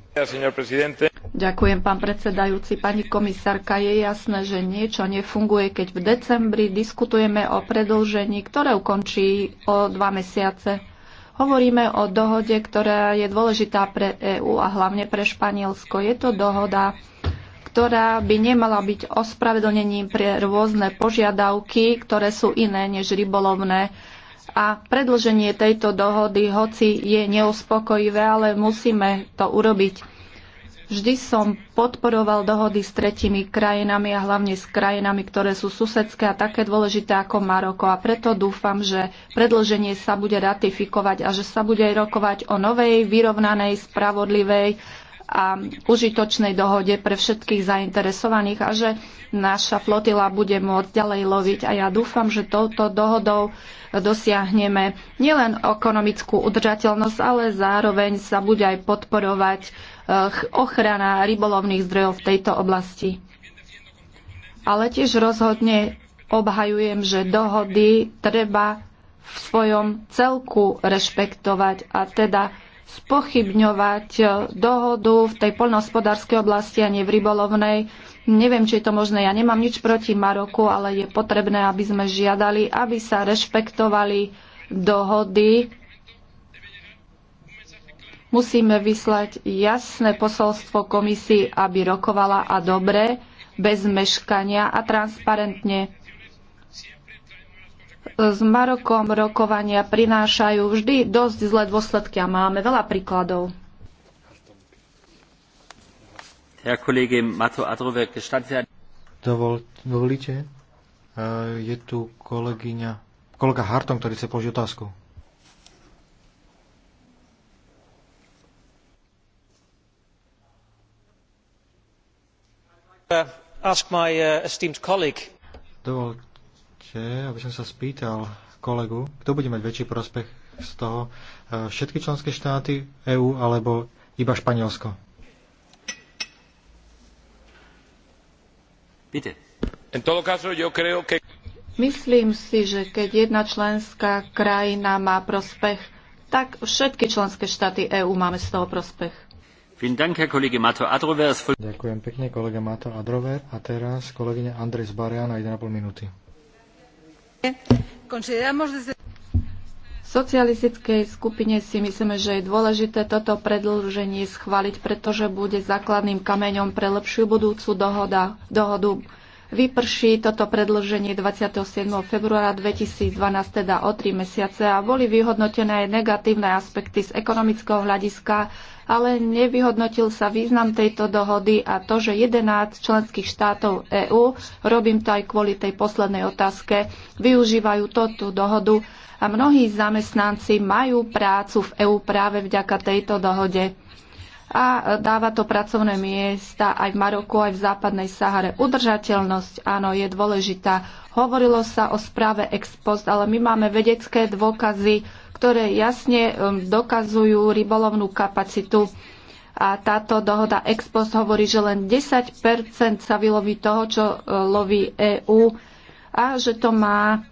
Ďakujem, pán predsedajúci. Pani komisárka, je jasné, že niečo nefunguje, keď v decembri diskutujeme o predlžení, ktoré ukončí o dva mesiace. Hovoríme o dohode, ktorá je dôležitá pre EÚ a hlavne pre Španielsko. Je to dohoda, ktorá by nemala byť ospravedlnením pre rôzne požiadavky, ktoré sú iné než rybolovné a predlženie tejto dohody, hoci je neuspokojivé, ale musíme to urobiť. Vždy som podporoval dohody s tretimi krajinami a hlavne s krajinami, ktoré sú susedské a také dôležité ako Maroko. A preto dúfam, že predlženie sa bude ratifikovať a že sa bude rokovať o novej, vyrovnanej, spravodlivej a užitočnej dohode pre všetkých zainteresovaných a že naša flotila bude môcť ďalej loviť. A ja dúfam, že touto dohodou dosiahneme nielen ekonomickú udržateľnosť, ale zároveň sa bude aj podporovať eh, ochrana rybolovných zdrojov v tejto oblasti. Ale tiež rozhodne obhajujem, že dohody treba v svojom celku rešpektovať a teda spochybňovať e, dohodu v tej poľnohospodárskej oblasti a nie v rybolovnej. Neviem, či je to možné. Ja nemám nič proti Maroku, ale je potrebné, aby sme žiadali, aby sa rešpektovali dohody. Musíme vyslať jasné posolstvo komisii, aby rokovala a dobre, bez meškania a transparentne s Marokom rokovania prinášajú vždy dosť zlé dôsledky a máme veľa príkladov. Dovol, dovolíte? E, je tu kolegyňa, kolega Harton, ktorý chce položiť otázku. E, Dovol, dovolte, aby som sa spýtal kolegu, kto bude mať väčší prospech z toho, e, všetky členské štáty EÚ alebo iba Španielsko? Myslím si, že keď jedna členská krajina má prospech, tak všetky členské štáty EÚ máme z toho prospech. Ďakujem pekne, kolega Mato Adrover. A teraz kolegyňa Andres Barian na 1,5 minúty socialistickej skupine si myslíme, že je dôležité toto predĺženie schváliť, pretože bude základným kameňom pre lepšiu budúcu dohoda, dohodu Vyprší toto predlženie 27. februára 2012, teda o tri mesiace a boli vyhodnotené aj negatívne aspekty z ekonomického hľadiska, ale nevyhodnotil sa význam tejto dohody a to, že 11 členských štátov EÚ, robím to aj kvôli tej poslednej otázke, využívajú toto dohodu a mnohí zamestnanci majú prácu v EÚ práve vďaka tejto dohode a dáva to pracovné miesta aj v Maroku, aj v západnej Sahare. Udržateľnosť, áno, je dôležitá. Hovorilo sa o správe ex post, ale my máme vedecké dôkazy, ktoré jasne um, dokazujú rybolovnú kapacitu. A táto dohoda ex post hovorí, že len 10 sa vyloví toho, čo uh, loví EÚ a že to má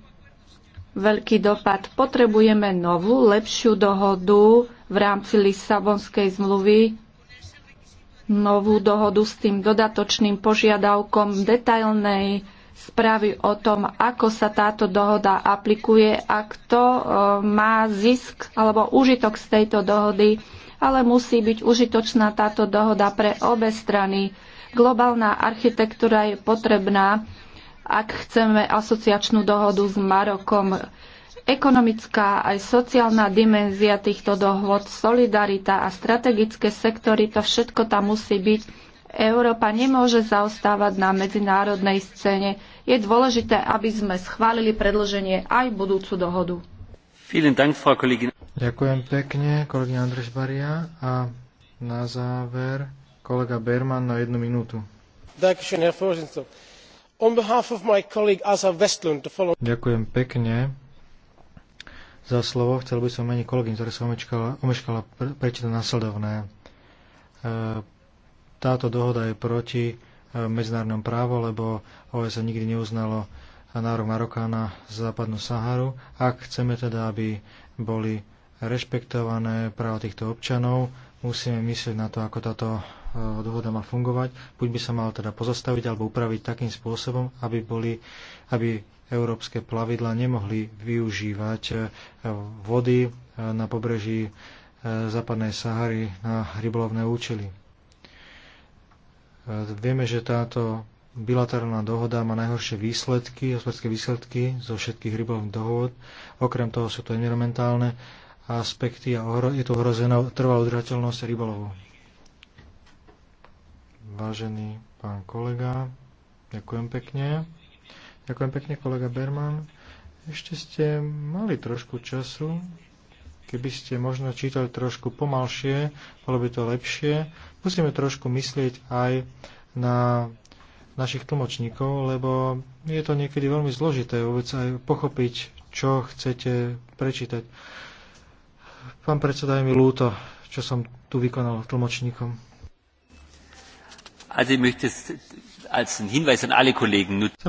veľký dopad. Potrebujeme novú, lepšiu dohodu v rámci Lisabonskej zmluvy novú dohodu s tým dodatočným požiadavkom detailnej správy o tom, ako sa táto dohoda aplikuje a kto e, má zisk alebo užitok z tejto dohody, ale musí byť užitočná táto dohoda pre obe strany. Globálna architektúra je potrebná, ak chceme asociačnú dohodu s Marokom ekonomická aj sociálna dimenzia týchto dohôd, solidarita a strategické sektory, to všetko tam musí byť. Európa nemôže zaostávať na medzinárodnej scéne. Je dôležité, aby sme schválili predloženie aj budúcu dohodu. Ďakujem pekne, kolegyňa Andreš Baria. A na záver kolega Berman na jednu minútu. Ďakujem pekne za slovo. Chcel by som meniť kolegyn, ktorá som omeškala, omeškala prečítať následovné. E, táto dohoda je proti e, medzinárodnom právo, lebo OSA nikdy neuznalo nárok Maroka na západnú Saharu. Ak chceme teda, aby boli rešpektované práva týchto občanov, musíme myslieť na to, ako táto e, dohoda má fungovať. Buď by sa mal teda pozastaviť alebo upraviť takým spôsobom, aby, boli, aby európske plavidla nemohli využívať e, vody e, na pobreží e, západnej Sahary na rybolovné účely. Vieme, že táto bilaterálna dohoda má najhoršie výsledky, hospodárske výsledky zo všetkých rybolovných dohod. Okrem toho sú to environmentálne aspekty a je tu ohrozená trvalá udržateľnosť rybolovu. Vážený pán kolega, ďakujem pekne. Ďakujem pekne, kolega Berman. Ešte ste mali trošku času, keby ste možno čítali trošku pomalšie, bolo by to lepšie. Musíme trošku myslieť aj na našich tlmočníkov, lebo je to niekedy veľmi zložité vôbec aj pochopiť, čo chcete prečítať. Pán predseda, je mi ľúto, čo som tu vykonal tlmočníkom. Chcel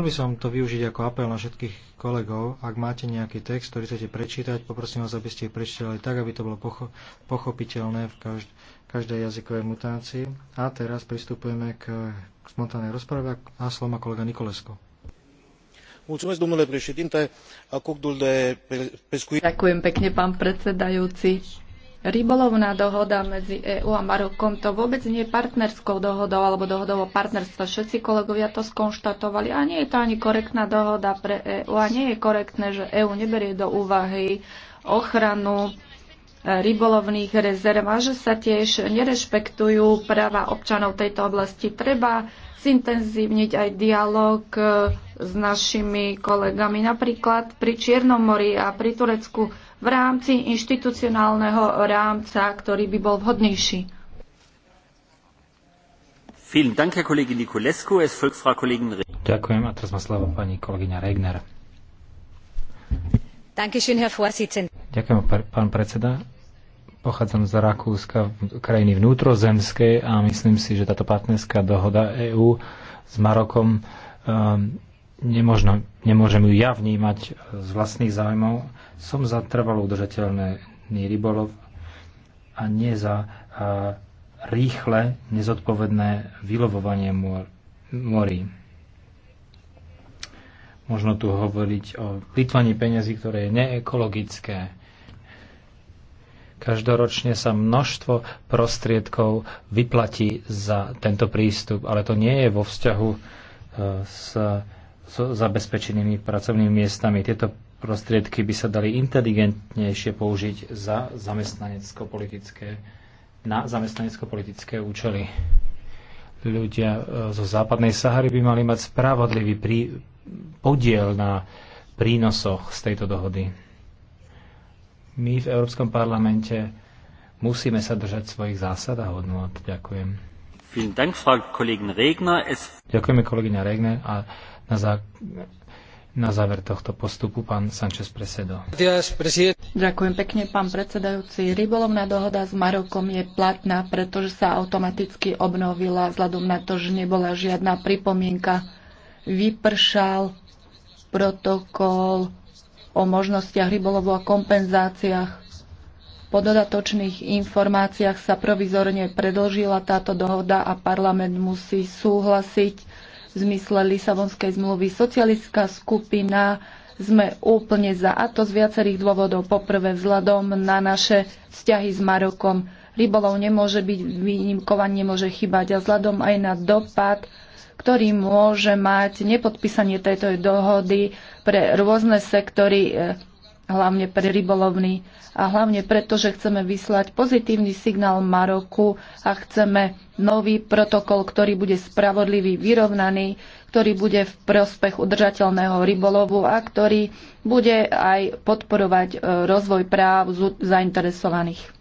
by som to využiť ako apel na všetkých kolegov. Ak máte nejaký text, ktorý chcete prečítať, poprosím vás, aby ste ich prečítali tak, aby to bolo pocho- pochopiteľné v každ- každej jazykovej mutácii. A teraz pristupujeme k, k spontánnej rozprave a slova kolega Nikolesko. Ďakujem pekne, pán predsedajúci Rybolovná dohoda medzi EÚ a Marokom to vôbec nie je partnerskou dohodou alebo dohodou o partnerstve. Všetci kolegovia to skonštatovali a nie je to ani korektná dohoda pre EÚ a nie je korektné, že EÚ neberie do úvahy ochranu e, rybolovných rezerv a že sa tiež nerešpektujú práva občanov tejto oblasti. Treba zintenzívniť aj dialog e, s našimi kolegami. Napríklad pri Čiernom mori a pri Turecku v rámci inštitucionálneho rámca, ktorý by bol vhodnejší. Ďakujem a teraz má slovo pani kolegyňa Regner. Ďakujem, pán predseda. Pochádzam z Rakúska, krajiny vnútrozemskej a myslím si, že táto partnerská dohoda EÚ s Marokom um, nemožno, nemôžem ju ja vnímať e, z vlastných zájmov. Som za trvalo udržateľný rybolov a nie za a, e, rýchle, nezodpovedné vylovovanie mor, morí. Možno tu hovoriť o plýtvaní peniazy, ktoré je neekologické. Každoročne sa množstvo prostriedkov vyplatí za tento prístup, ale to nie je vo vzťahu e, s so zabezpečenými pracovnými miestami. Tieto prostriedky by sa dali inteligentnejšie použiť za zamestnanecko-politické, na zamestnanecko-politické účely. Ľudia e, zo západnej Sahary by mali mať spravodlivý prí, podiel na prínosoch z tejto dohody. My v Európskom parlamente musíme sa držať svojich zásad a hodnot. Ďakujem. Ďakujeme kolegyňa Regner a na, zá... na záver tohto postupu pán Sanchez Presedo. Ďakujem pekne, pán predsedajúci. Rybolovná dohoda s Marokom je platná, pretože sa automaticky obnovila vzhľadom na to, že nebola žiadna pripomienka. Vypršal protokol o možnostiach rybolovu a kompenzáciách. Po dodatočných informáciách sa provizorne predlžila táto dohoda a parlament musí súhlasiť v zmysle Lisabonskej zmluvy. Socialistická skupina sme úplne za, a to z viacerých dôvodov. Poprvé vzhľadom na naše vzťahy s Marokom. Rybolov nemôže byť výnimkovan, nemôže chybať a vzhľadom aj na dopad, ktorý môže mať nepodpísanie tejto dohody pre rôzne sektory e, hlavne pre rybolovný a hlavne preto, že chceme vyslať pozitívny signál Maroku a chceme nový protokol, ktorý bude spravodlivý, vyrovnaný, ktorý bude v prospech udržateľného rybolovu a ktorý bude aj podporovať e, rozvoj práv zainteresovaných.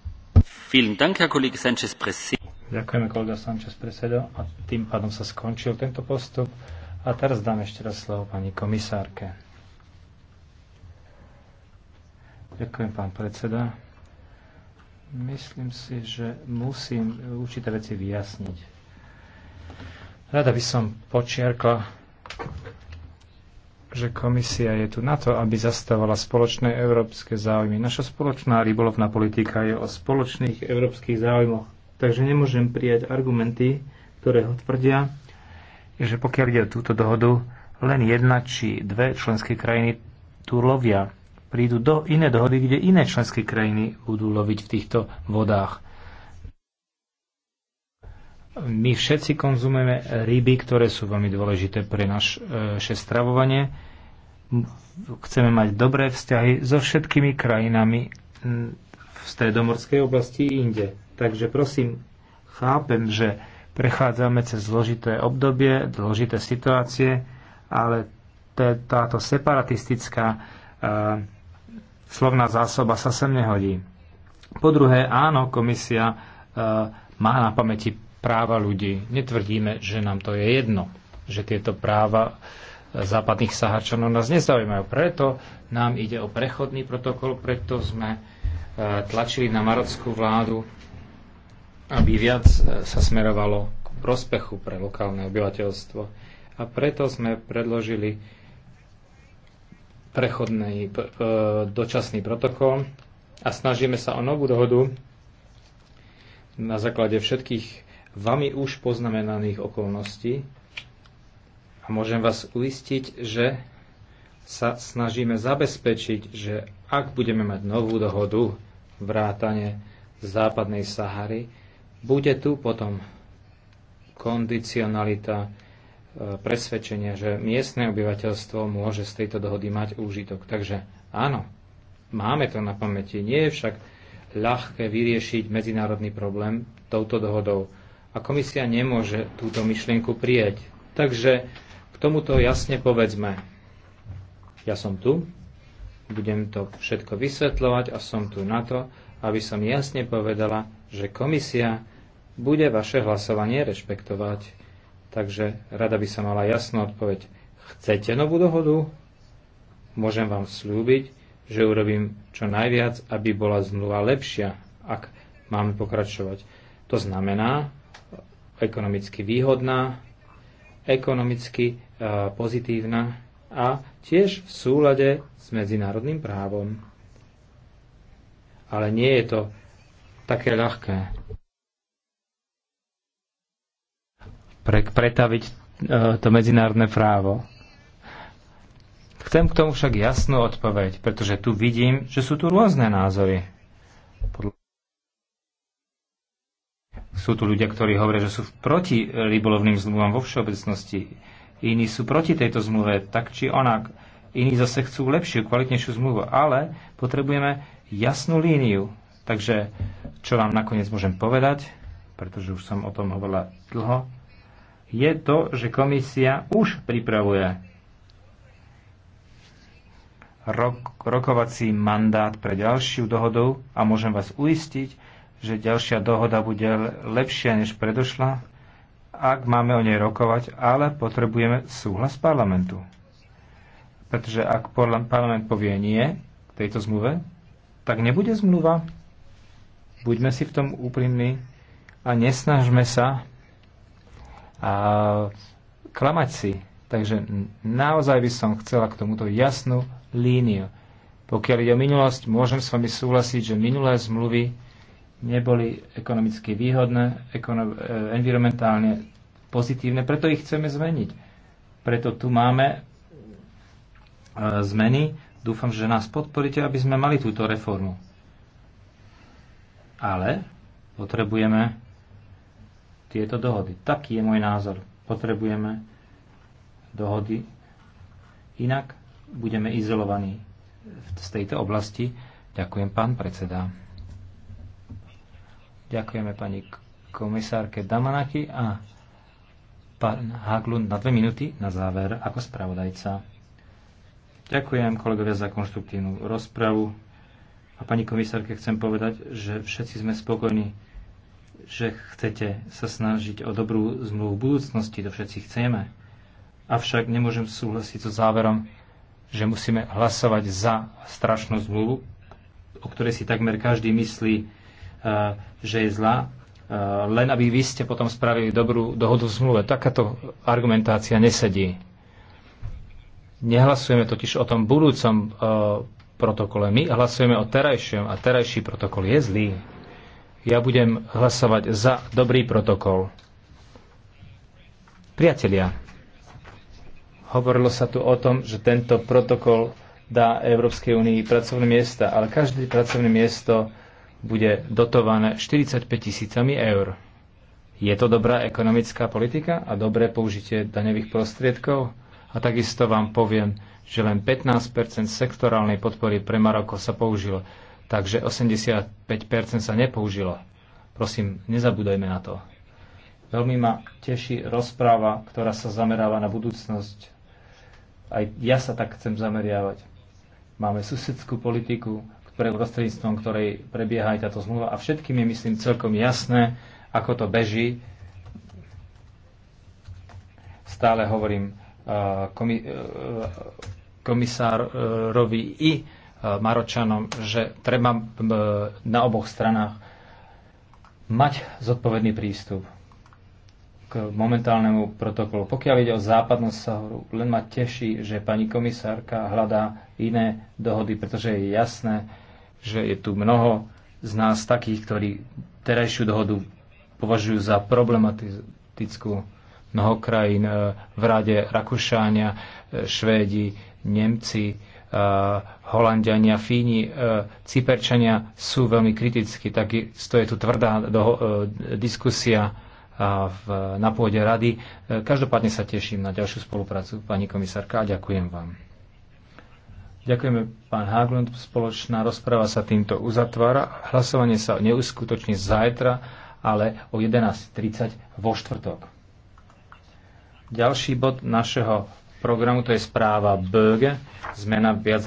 Ďakujeme, kolega Sanchez Presedo. A tým pádom sa skončil tento postup. A teraz dám ešte raz slovo pani komisárke. Ďakujem, pán predseda. Myslím si, že musím určité veci vyjasniť. Rada by som počiarkla, že komisia je tu na to, aby zastávala spoločné európske záujmy. Naša spoločná rybolovná politika je o spoločných európskych záujmoch. Takže nemôžem prijať argumenty, ktoré ho tvrdia, že pokiaľ ide o túto dohodu, len jedna či dve členské krajiny tu lovia prídu do iné dohody, kde iné členské krajiny budú loviť v týchto vodách. My všetci konzumujeme ryby, ktoré sú veľmi dôležité pre naše stravovanie. Chceme mať dobré vzťahy so všetkými krajinami v stredomorskej oblasti i inde. Takže prosím, chápem, že prechádzame cez zložité obdobie, zložité situácie, ale táto separatistická uh, slovná zásoba sa sem nehodí. Po druhé, áno, komisia e, má na pamäti práva ľudí. Netvrdíme, že nám to je jedno, že tieto práva e, západných Saharčanov nás nezaujímajú. Preto nám ide o prechodný protokol, preto sme e, tlačili na marockú vládu, aby viac e, sa smerovalo k prospechu pre lokálne obyvateľstvo. A preto sme predložili prechodný dočasný protokol a snažíme sa o novú dohodu na základe všetkých vami už poznamenaných okolností a môžem vás uistiť, že sa snažíme zabezpečiť, že ak budeme mať novú dohodu vrátane západnej Sahary, bude tu potom kondicionalita E, presvedčenia, že miestne obyvateľstvo môže z tejto dohody mať úžitok. Takže áno, máme to na pamäti. Nie je však ľahké vyriešiť medzinárodný problém touto dohodou. A komisia nemôže túto myšlienku prijať. Takže k tomuto jasne povedzme. Ja som tu, budem to všetko vysvetľovať a som tu na to, aby som jasne povedala, že komisia bude vaše hlasovanie rešpektovať. Takže rada by som mala jasná odpoveď. Chcete novú dohodu? Môžem vám slúbiť, že urobím čo najviac, aby bola zmluva lepšia, ak máme pokračovať. To znamená ekonomicky výhodná, ekonomicky e, pozitívna a tiež v súlade s medzinárodným právom. Ale nie je to také ľahké. pre, pretaviť e, to medzinárodné právo. Chcem k tomu však jasnú odpoveď, pretože tu vidím, že sú tu rôzne názory. Sú tu ľudia, ktorí hovoria, že sú proti rybolovným zmluvám vo všeobecnosti. Iní sú proti tejto zmluve, tak či onak. Iní zase chcú lepšiu, kvalitnejšiu zmluvu, ale potrebujeme jasnú líniu. Takže, čo vám nakoniec môžem povedať, pretože už som o tom hovorila dlho, je to, že komisia už pripravuje rok, rokovací mandát pre ďalšiu dohodu a môžem vás uistiť, že ďalšia dohoda bude lepšia než predošla, ak máme o nej rokovať, ale potrebujeme súhlas parlamentu. Pretože ak parlament povie nie k tejto zmluve, tak nebude zmluva. Buďme si v tom úprimní a nesnažme sa a klamať si. Takže naozaj by som chcela k tomuto jasnú líniu. Pokiaľ ide o minulosť, môžem s vami súhlasiť, že minulé zmluvy neboli ekonomicky výhodné, ekono- e, environmentálne pozitívne, preto ich chceme zmeniť. Preto tu máme e, zmeny. Dúfam, že nás podporíte, aby sme mali túto reformu. Ale potrebujeme tieto dohody. Taký je môj názor. Potrebujeme dohody, inak budeme izolovaní z tejto oblasti. Ďakujem, pán predseda. Ďakujeme pani komisárke Damanaki a pán Haglund na dve minúty na záver ako spravodajca. Ďakujem kolegovia za konštruktívnu rozpravu. A pani komisárke chcem povedať, že všetci sme spokojní že chcete sa snažiť o dobrú zmluvu v budúcnosti, to všetci chceme. Avšak nemôžem súhlasiť so záverom, že musíme hlasovať za strašnú zmluvu, o ktorej si takmer každý myslí, eh, že je zlá, eh, len aby vy ste potom spravili dobrú dohodu v zmluve. Takáto argumentácia nesedí. Nehlasujeme totiž o tom budúcom eh, protokole. My hlasujeme o terajšom a terajší protokol je zlý. Ja budem hlasovať za dobrý protokol. Priatelia, hovorilo sa tu o tom, že tento protokol dá Európskej únii pracovné miesta, ale každé pracovné miesto bude dotované 45 tisícami eur. Je to dobrá ekonomická politika a dobré použitie daňových prostriedkov? A takisto vám poviem, že len 15 sektorálnej podpory pre Maroko sa použilo takže 85% sa nepoužilo. Prosím, nezabúdajme na to. Veľmi ma teší rozpráva, ktorá sa zameráva na budúcnosť. Aj ja sa tak chcem zameriavať. Máme susedskú politiku, pre prostredníctvom ktorej prebieha aj táto zmluva a všetkým je, myslím, celkom jasné, ako to beží. Stále hovorím eh, komi eh, komisárovi i Maročanom, že treba na oboch stranách mať zodpovedný prístup k momentálnemu protokolu. Pokiaľ ide o západnú Sahoru, len ma teší, že pani komisárka hľadá iné dohody, pretože je jasné, že je tu mnoho z nás takých, ktorí terajšiu dohodu považujú za problematickú. Mnoho krajín e, v rade Rakúšania, e, Švédi, Nemci, Eh, Holandiania, Fíni, eh, Cyperčania sú veľmi kritickí. Takisto je tu tvrdá eh, diskusia v, na pôde rady. Každopádne sa teším na ďalšiu spoluprácu, pani komisárka, a ďakujem vám. Ďakujeme, pán Haglund. Spoločná rozpráva sa týmto uzatvára. Hlasovanie sa neuskutoční zajtra, ale o 11.30 vo štvrtok. Ďalší bod našeho programu, to je správa BG, zmena viac